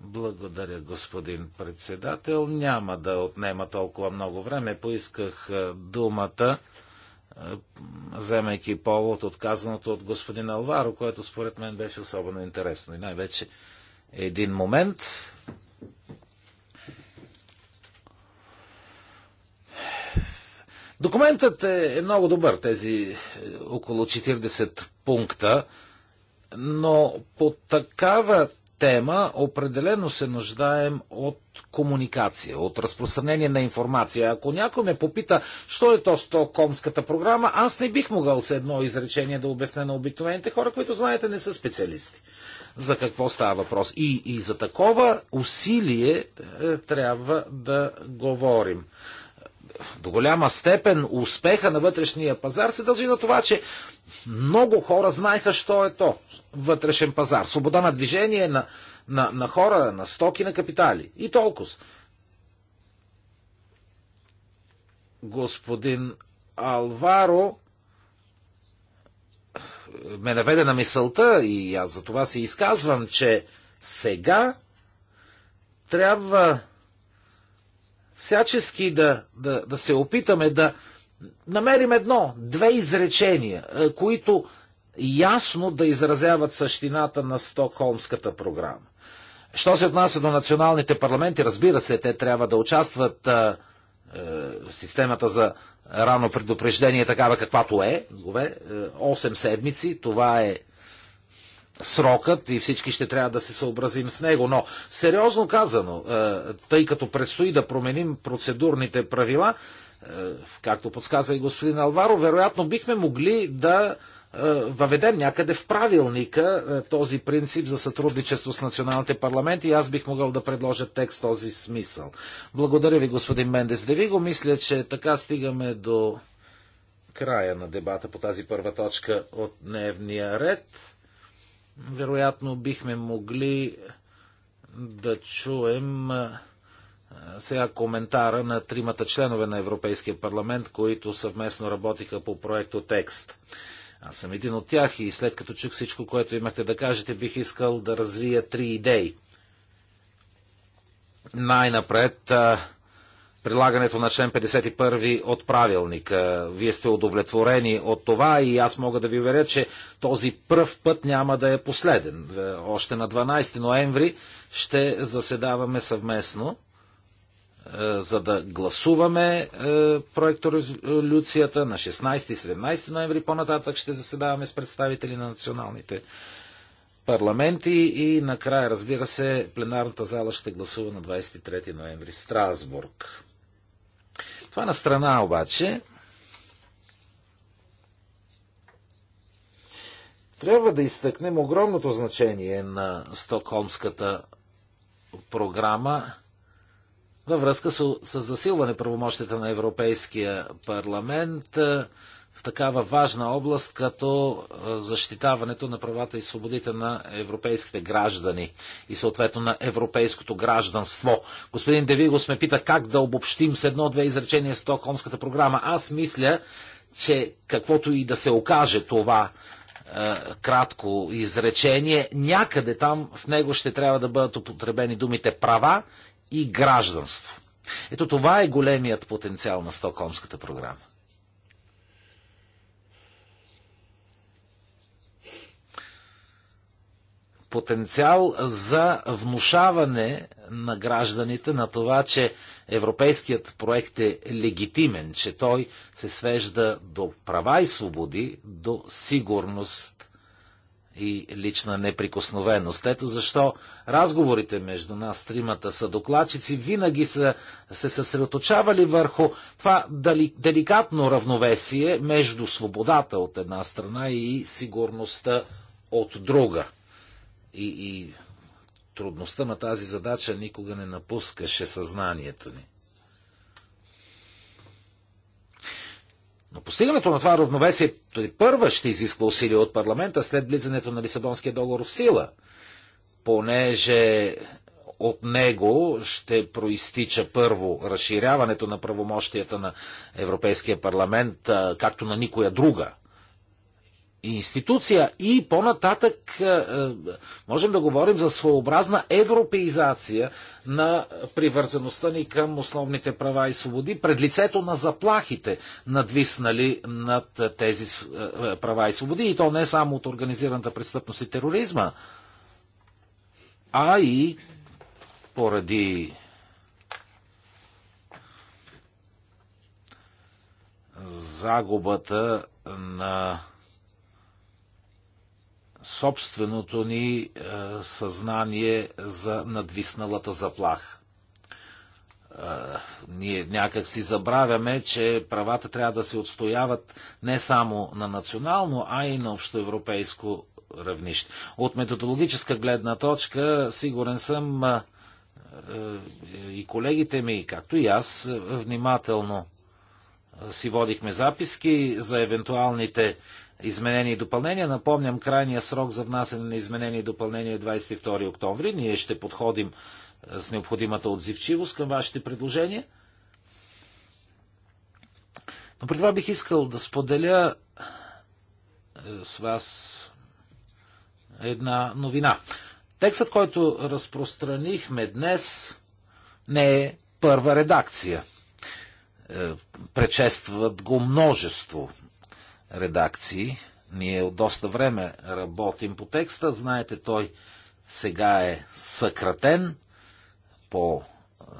Благодаря, господин председател. Няма да отнема толкова много време. Поисках е, думата, е, вземайки повод от казаното от господин Алваро, което според мен беше особено интересно. И най-вече един момент, Документът е, е много добър, тези е, около 40 пункта, но по такава тема определено се нуждаем от комуникация, от разпространение на информация. Ако някой ме попита, що е то Стокомската програма, аз не бих могъл с едно изречение да обясня на обикновените хора, които, знаете, не са специалисти. За какво става въпрос? И, и за такова усилие е, трябва да говорим до голяма степен успеха на вътрешния пазар се дължи на това, че много хора знаеха, що е то вътрешен пазар. Свобода на движение на, на, на хора, на стоки, на капитали. И толкова. Господин Алваро ме наведе на мисълта и аз за това се изказвам, че сега трябва всячески да, да, да се опитаме да намерим едно, две изречения, е, които ясно да изразяват същината на Стокхолмската програма. Що се отнася до националните парламенти, разбира се, те трябва да участват а, е, а, е, в системата за рано предупреждение, такава каквато е, 8 седмици, това е срокът и всички ще трябва да се съобразим с него. Но, сериозно казано, е, тъй като предстои да променим процедурните правила, е, както подсказа и господин Алваро, вероятно бихме могли да е, въведем някъде в правилника този принцип за сътрудничество с националните парламенти и аз бих могъл да предложа текст този смисъл. Благодаря ви, господин Мендес Девиго. Мисля, че така стигаме до края на дебата по тази първа точка от дневния ред вероятно бихме могли да чуем сега коментара на тримата членове на Европейския парламент, които съвместно работиха по проекто текст. Аз съм един от тях и след като чух всичко, което имахте да кажете, бих искал да развия три идеи. Най-напред прилагането на член 51 от правилника. Вие сте удовлетворени от това и аз мога да ви уверя, че този пръв път няма да е последен. Е, още на 12 ноември ще заседаваме съвместно е, за да гласуваме е, проекторезолюцията на 16 и 17 ноември. По-нататък ще заседаваме с представители на националните парламенти и накрая, разбира се, пленарната зала ще гласува на 23 ноември в Страсбург. Това на страна обаче трябва да изтъкнем огромното значение на Стокхолмската програма във връзка с, с засилване правомощите на Европейския парламент в такава важна област, като защитаването на правата и свободите на европейските граждани и съответно на европейското гражданство. Господин Девигос ме пита как да обобщим с едно-две изречения Стокхолмската програма. Аз мисля, че каквото и да се окаже това е, кратко изречение, някъде там в него ще трябва да бъдат употребени думите права и гражданство. Ето това е големият потенциал на Стокхолмската програма. потенциал за внушаване на гражданите на това, че европейският проект е легитимен, че той се свежда до права и свободи, до сигурност и лична неприкосновеност. Ето защо разговорите между нас тримата са докладчици винаги са се съсредоточавали върху това дали, деликатно равновесие между свободата от една страна и сигурността от друга и, и трудността на тази задача никога не напускаше съзнанието ни. Но постигането на това равновесие той първа ще изисква усилия от парламента след влизането на Лисабонския договор в сила, понеже от него ще проистича първо разширяването на правомощията на Европейския парламент, както на никоя друга институция и по-нататък е, е, можем да говорим за своеобразна европеизация на привързаността ни към основните права и свободи пред лицето на заплахите, надвиснали над тези е, права и свободи и то не само от организираната престъпност и тероризма, а и поради загубата на собственото ни е, съзнание за надвисналата заплаха. Е, ние някак си забравяме, че правата трябва да се отстояват не само на национално, а и на общоевропейско равнище. От методологическа гледна точка, сигурен съм е, и колегите ми, както и аз, внимателно си водихме записки за евентуалните изменения и допълнения. Напомням, крайния срок за внасяне на изменения и допълнения е 22 октомври. Ние ще подходим е, с необходимата отзивчивост към вашите предложения. Но при това бих искал да споделя е, с вас една новина. Текстът, който разпространихме днес, не е първа редакция. Е, Пречестват го множество редакции. Ние от доста време работим по текста. Знаете, той сега е съкратен по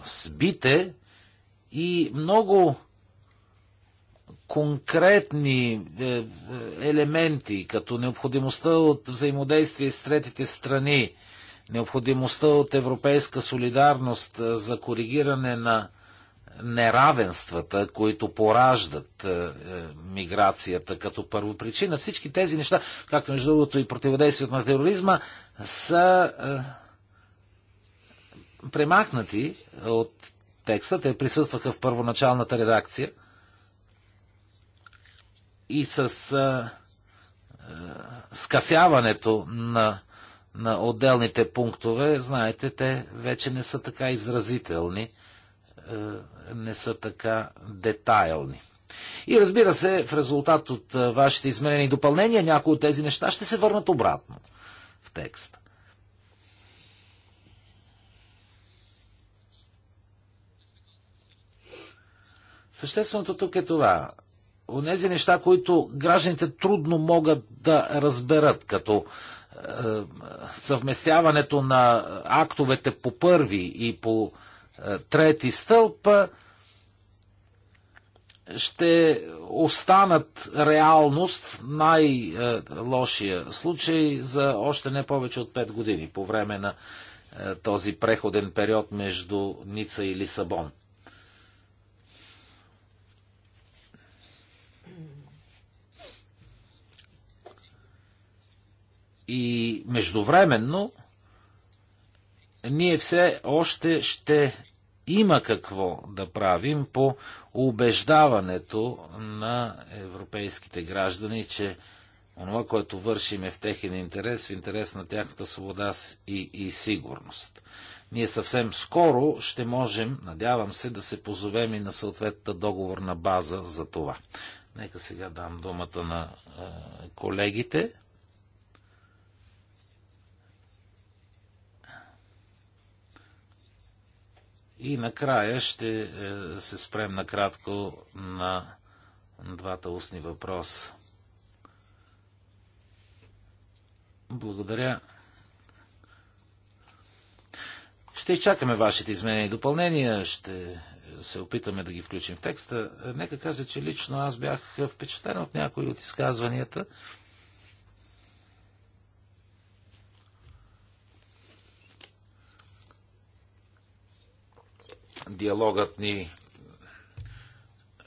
сбите и много конкретни е, е, елементи, като необходимостта от взаимодействие с третите страни, необходимостта от европейска солидарност е, за коригиране на неравенствата, които пораждат е, е, миграцията като първопричина. Всички тези неща, както между другото и противодействието на тероризма, са е, премахнати от текста. Те присъстваха в първоначалната редакция. И с скасяването на, на отделните пунктове, знаете, те вече не са така изразителни – е, не са така детайлни. И разбира се, в резултат от е, вашите изменени допълнения, някои от тези неща ще се върнат обратно в текста. Същественото тук е това. Онези неща, които гражданите трудно могат да разберат, като е, е съвместяването на актовете по първи и по е, трети стълб е, ще останат реалност в най-лошия случай за още не повече от 5 години по време на е, този преходен период между Ница и Лисабон. И междувременно ние все още ще има какво да правим по убеждаването на европейските граждани, че онова, което вършим е в техен интерес, в интерес на тяхната свобода и, и сигурност. Ние съвсем скоро ще можем, надявам се, да се позовем и на съответната договорна база за това. Нека сега дам думата на е, колегите. И накрая ще е, се спрем накратко на двата устни въпроса. Благодаря. Ще изчакаме вашите изменения и допълнения, ще се опитаме да ги включим в текста. Нека кажа, че лично аз бях впечатлен от някои от изказванията, Диалогът ни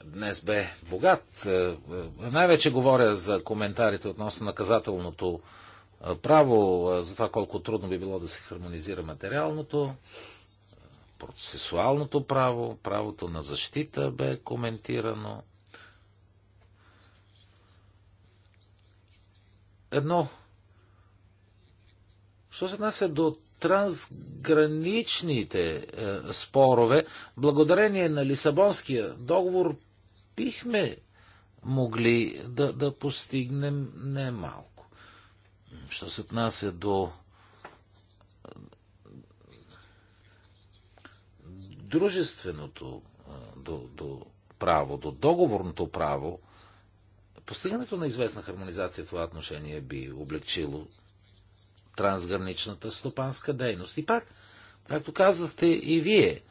днес бе богат. Е, е, най-вече говоря за коментарите относно наказателното е, право, за това колко трудно би било да се хармонизира материалното, процесуалното право, правото на защита бе коментирано. Едно. Що се отнася до трансграничните е, спорове, благодарение на Лисабонския договор, бихме могли да, да постигнем немалко. Що се отнася до дружественото, е, до, до право, до договорното право, постигането на известна хармонизация в това отношение би облегчило трансграничната стопанска дейност. И пак, както казахте и вие, е,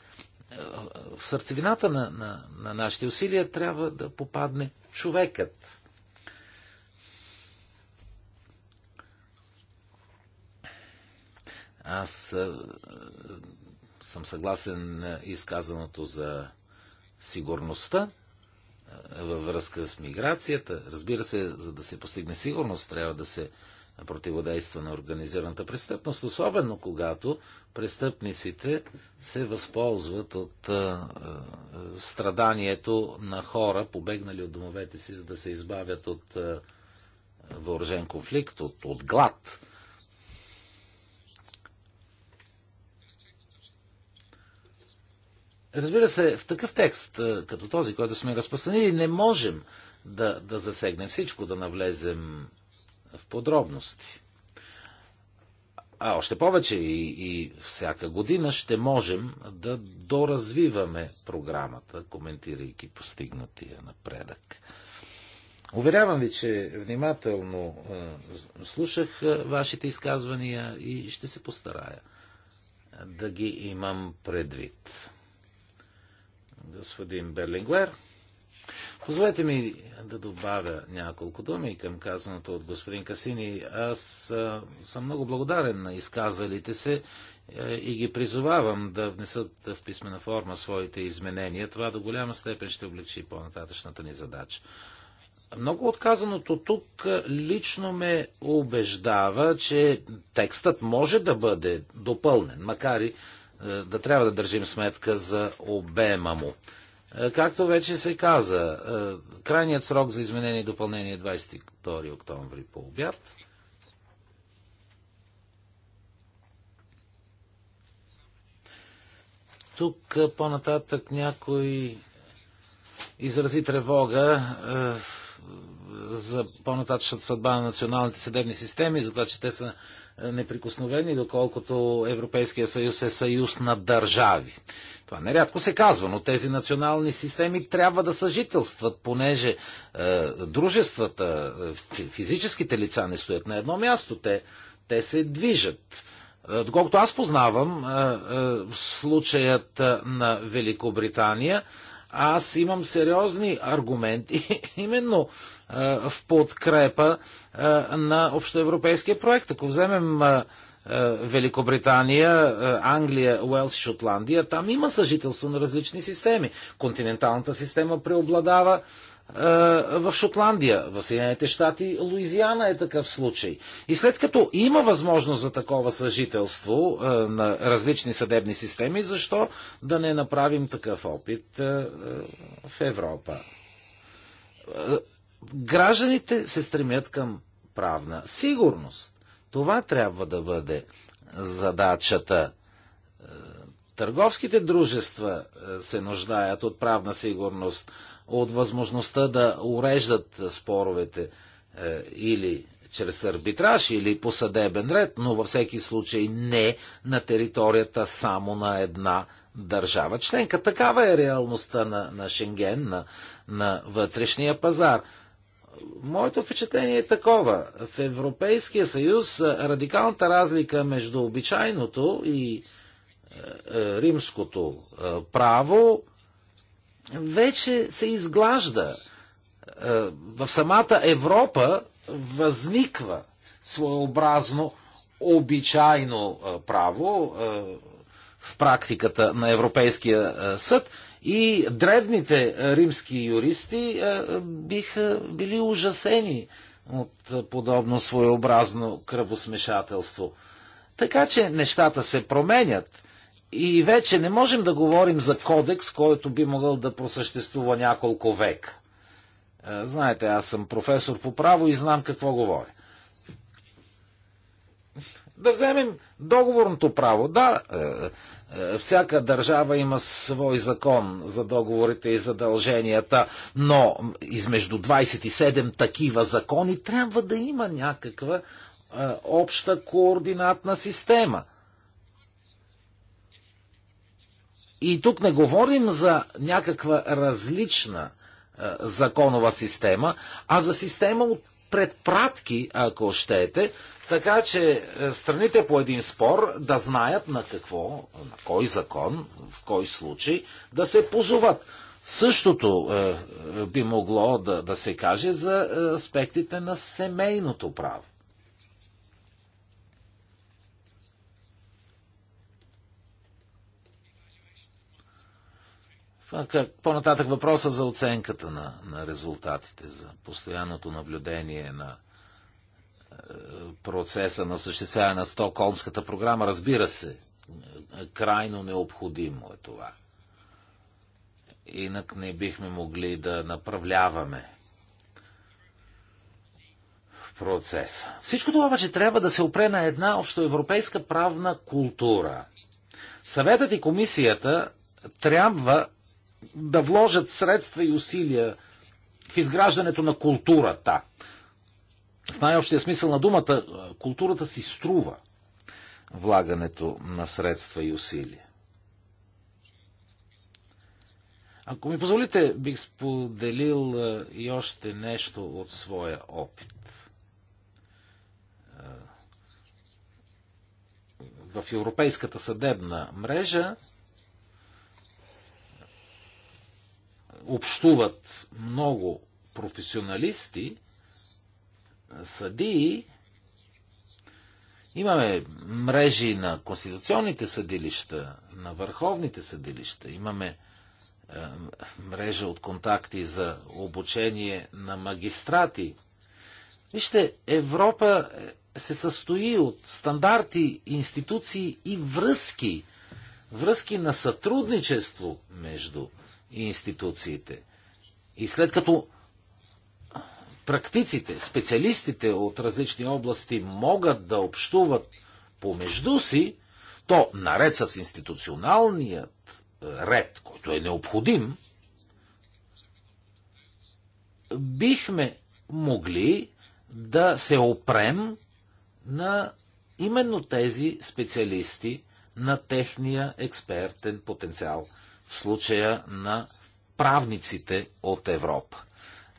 в сърцевината на, на, на нашите усилия трябва да попадне човекът. Аз е, съм съгласен е, изказаното за сигурността във връзка с миграцията. Разбира се, за да се постигне сигурност, трябва да се противодейства на организираната престъпност, особено когато престъпниците се възползват от а, страданието на хора, побегнали от домовете си, за да се избавят от а, въоръжен конфликт, от, от глад. Разбира се, в такъв текст, като този, който сме разпространили, не можем да, да засегнем всичко, да навлезем в подробности. А още повече и, и всяка година ще можем да доразвиваме програмата, коментирайки постигнатия напредък. Уверявам ви, че внимателно е, слушах е, вашите изказвания и ще се постарая е, да ги имам предвид. Господин Берлингуер. Позволете ми да добавя няколко думи към казаното от господин Касини. Аз съм много благодарен на изказалите се и ги призовавам да внесат в писмена форма своите изменения. Това до голяма степен ще облегчи по-нататъчната ни задача. Много отказаното тук лично ме убеждава, че текстът може да бъде допълнен, макар и да трябва да държим сметка за обема му. Е, както вече се каза, е, крайният срок за изменение и допълнение е 22 октомври по обяд. Тук е, по-нататък някой изрази тревога за по-нататъчната съдба на националните съдебни системи, за това, че те са неприкосновени, доколкото Европейския съюз е съюз на държави. Това нерядко се казва, но тези национални системи трябва да съжителстват, понеже е, дружествата, е, физическите лица не стоят на едно място, те, те се движат. Е, доколкото аз познавам е, е, случаят е, на Великобритания, аз имам сериозни аргументи *laughs* именно в подкрепа на общоевропейския проект. Ако вземем Великобритания, Англия, Уелс и Шотландия, там има съжителство на различни системи. Континенталната система преобладава, е, в Шотландия, в Съединените щати, Луизиана е такъв случай. И след като има възможност за такова съжителство е, на различни съдебни системи, защо да не направим такъв опит е, в Европа? Гражданите се стремят към правна сигурност. Това трябва да бъде задачата търговските дружества се нуждаят от правна сигурност от възможността да уреждат споровете е, или чрез арбитраж или по съдебен ред, но във всеки случай не на територията само на една държава членка. Такава е реалността на, на Шенген, на, на вътрешния пазар. Моето впечатление е такова. В Европейския съюз радикалната разлика между обичайното и е, е римското е, право вече се изглажда. Е, в самата Европа възниква своеобразно обичайно е, право е, в практиката на Европейския съд и древните римски юристи биха били ужасени от подобно своеобразно кръвосмешателство. Така че нещата се променят и вече не можем да говорим за кодекс, който би могъл да просъществува няколко век. Е, знаете, аз съм професор по право и знам какво говоря. Да вземем договорното право. Да, е, е, всяка държава има свой закон за договорите и задълженията, но измежду 27 такива закони трябва да има някаква обща координатна система – И тук не говорим за някаква различна е, законова система, а за система от предпратки, ако щете, така че е, страните по един спор да знаят на какво, на кой закон, в кой случай да се позоват. Същото е, е би могло да, да се каже за е, аспектите на семейното право. По-нататък въпроса за оценката на, на резултатите, за постоянното наблюдение на е, процеса на осъществяване на Стокхолмската програма, разбира се, крайно необходимо е това. Инак не бихме могли да направляваме процеса. Всичко това обаче трябва да се опре на една общоевропейска правна култура. Съветът и комисията трябва да вложат средства и усилия в изграждането на културата. В най-общия смисъл на думата, културата си струва влагането на средства и усилия. Ако ми позволите, бих споделил и още нещо от своя опит. В Европейската съдебна мрежа общуват много професионалисти, съдии, Имаме мрежи на конституционните съдилища, на върховните съдилища, имаме е, мрежа от контакти за обучение на магистрати. Вижте, Европа е, се състои от стандарти, институции и връзки. Връзки на сътрудничество между институциите. И след като практиците, специалистите от различни области могат да общуват помежду си, то наред с институционалният е, ред, който е необходим, бихме могли да се опрем на именно тези специалисти, на техния експертен потенциал в случая на правниците от Европа.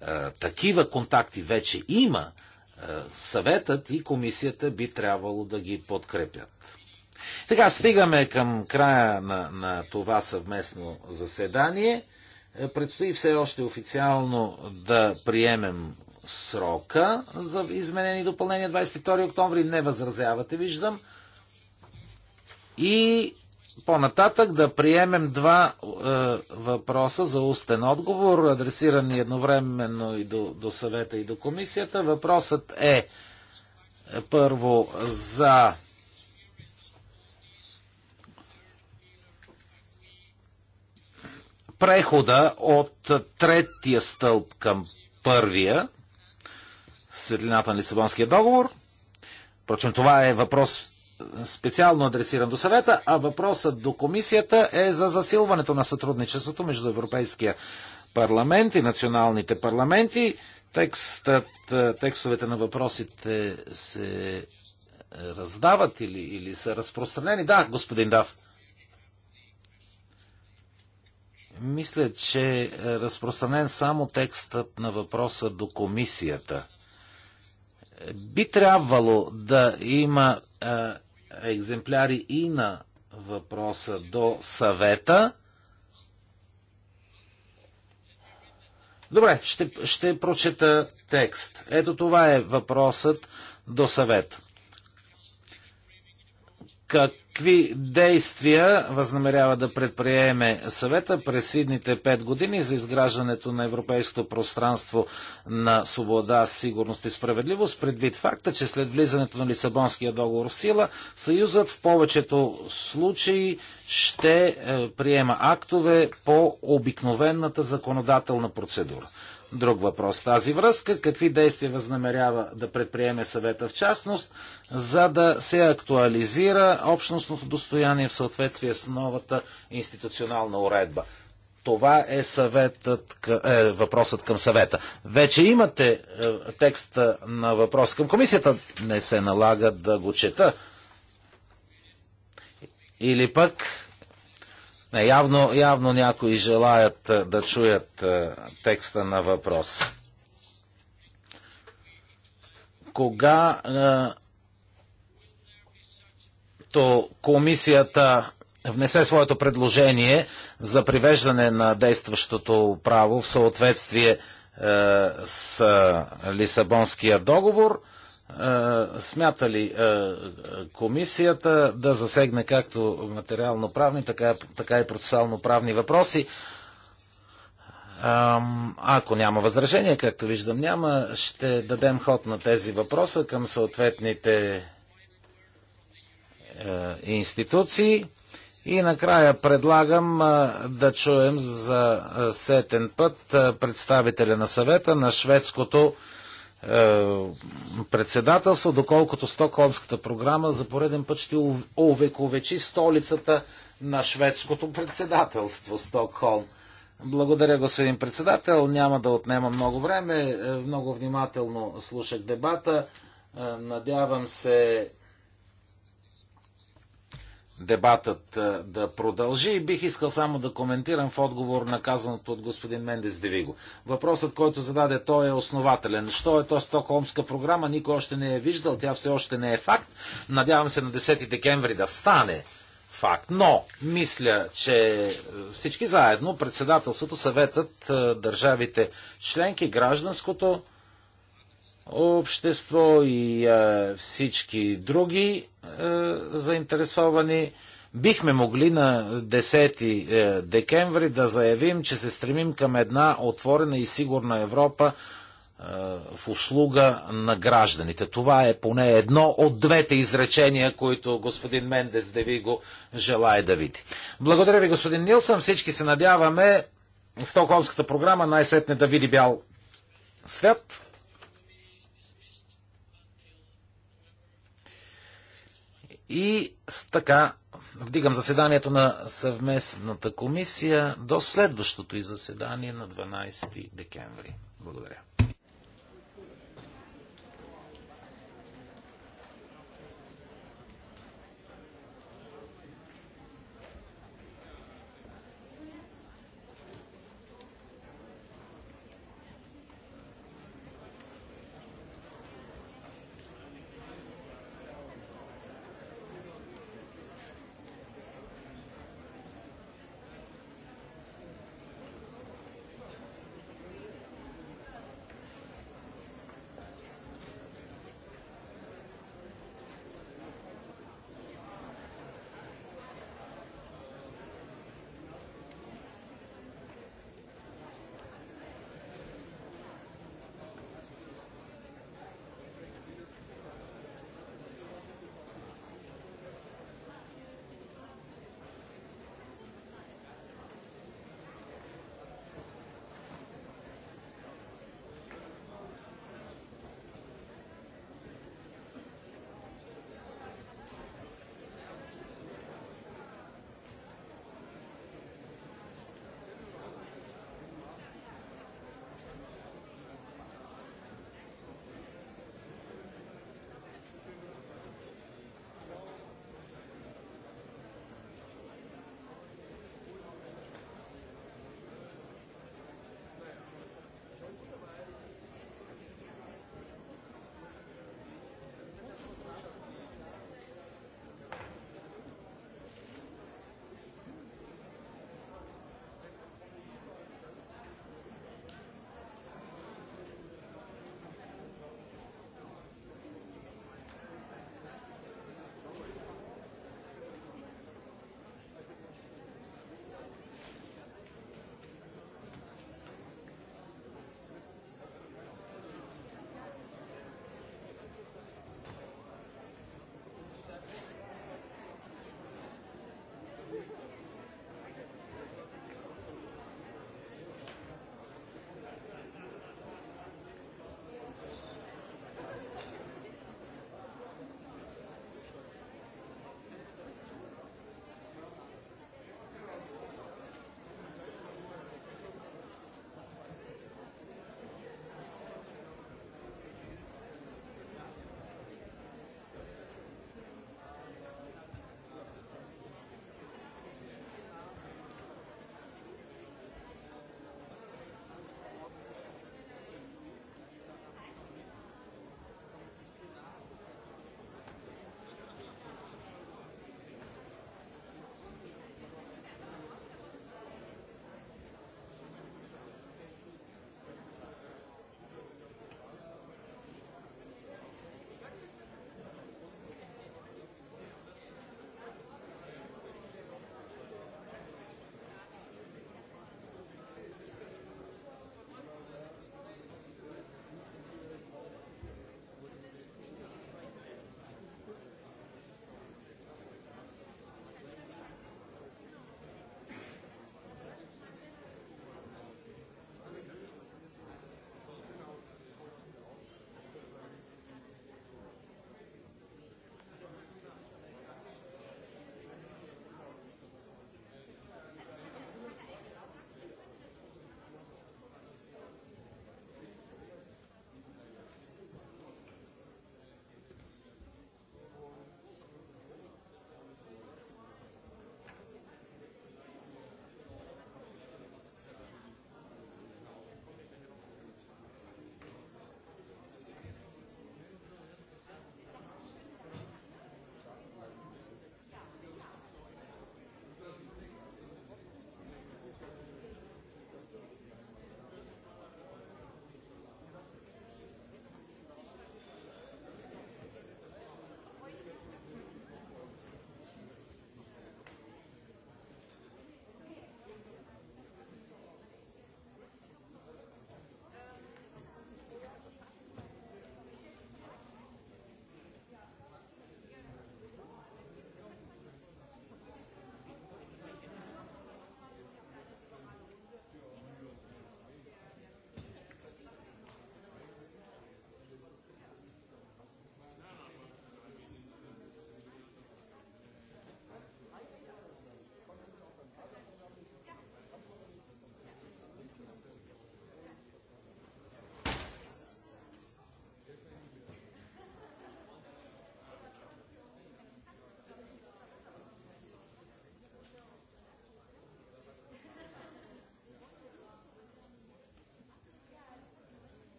Е, такива контакти вече има, е, съветът и комисията би трябвало да ги подкрепят. Така, стигаме към края на, на това съвместно заседание. Е, предстои все още официално да приемем срока за изменени допълнение 22 октомври. Не възразявате, виждам. И по-нататък да приемем два е, въпроса за устен отговор, адресирани едновременно и до, до съвета и до комисията. Въпросът е, е първо за прехода от третия стълб към първия, светлината на Лисабонския договор. Впрочем, това е въпрос специално адресиран до съвета, а въпросът до комисията е за засилването на сътрудничеството между Европейския парламент и националните парламенти. Текстът, е, текстовете на въпросите се е, раздават или, или са разпространени. Да, господин Дав. Мисля, че е разпространен само текстът на въпроса до комисията. Е, би трябвало да има екземпляри и на въпроса до съвета. Добре, ще, ще прочета текст. Ето това е въпросът до съвет. Как какви действия възнамерява да предприеме съвета през идните пет години за изграждането на европейското пространство на свобода, сигурност и справедливост, предвид факта, че след влизането на Лисабонския договор в сила, Съюзът в повечето случаи ще е, приема актове по обикновената законодателна процедура друг въпрос. Тази връзка, какви действия възнамерява да предприеме съвета в частност, за да се актуализира общностното достояние в съответствие с новата институционална уредба? Това е съветът, е, въпросът към съвета. Вече имате е, текста на въпрос към комисията. Не се налага да го чета. Или пък не, явно, явно някои желаят е, да чуят е, текста на въпрос. Кога е, то комисията внесе своето предложение за привеждане на действащото право в съответствие с Лисабонския договор – е, смята ли е, комисията да засегне както материално-правни, така, така и процесуално-правни въпроси? Ако няма възражение, както виждам няма, ще дадем ход на тези въпроса към съответните е, институции. И накрая предлагам да чуем за сетен път представителя на съвета на шведското е, председателство, доколкото Стокхолмската програма за пореден път ще увековечи столицата на шведското председателство Стокхолм. Благодаря, господин председател. Няма да отнема много време. Е, много внимателно слушах дебата. Е, надявам се дебатът да продължи бих искал само да коментирам в отговор на казаното от господин Мендес Девиго. Въпросът, който зададе той е основателен. Що е то Стокхолмска програма? Никой още не е виждал, тя все още не е факт. Надявам се на 10 декември да стане факт. Но мисля, че е, всички заедно, председателството, съветът, е, държавите членки, гражданското общество и а, е, всички други а, е, заинтересовани. Бихме могли на 10 е, декември да заявим, че се стремим към една отворена и сигурна Европа в услуга на гражданите. Това е поне едно от двете изречения, които господин Мендес Деви го желая да види. Благодаря ви, господин Нилсън. Всички се надяваме Стокхолмската програма най-сетне да види бял свят. И с така вдигам заседанието на съвместната комисия до следващото и заседание на 12 декември. Благодаря.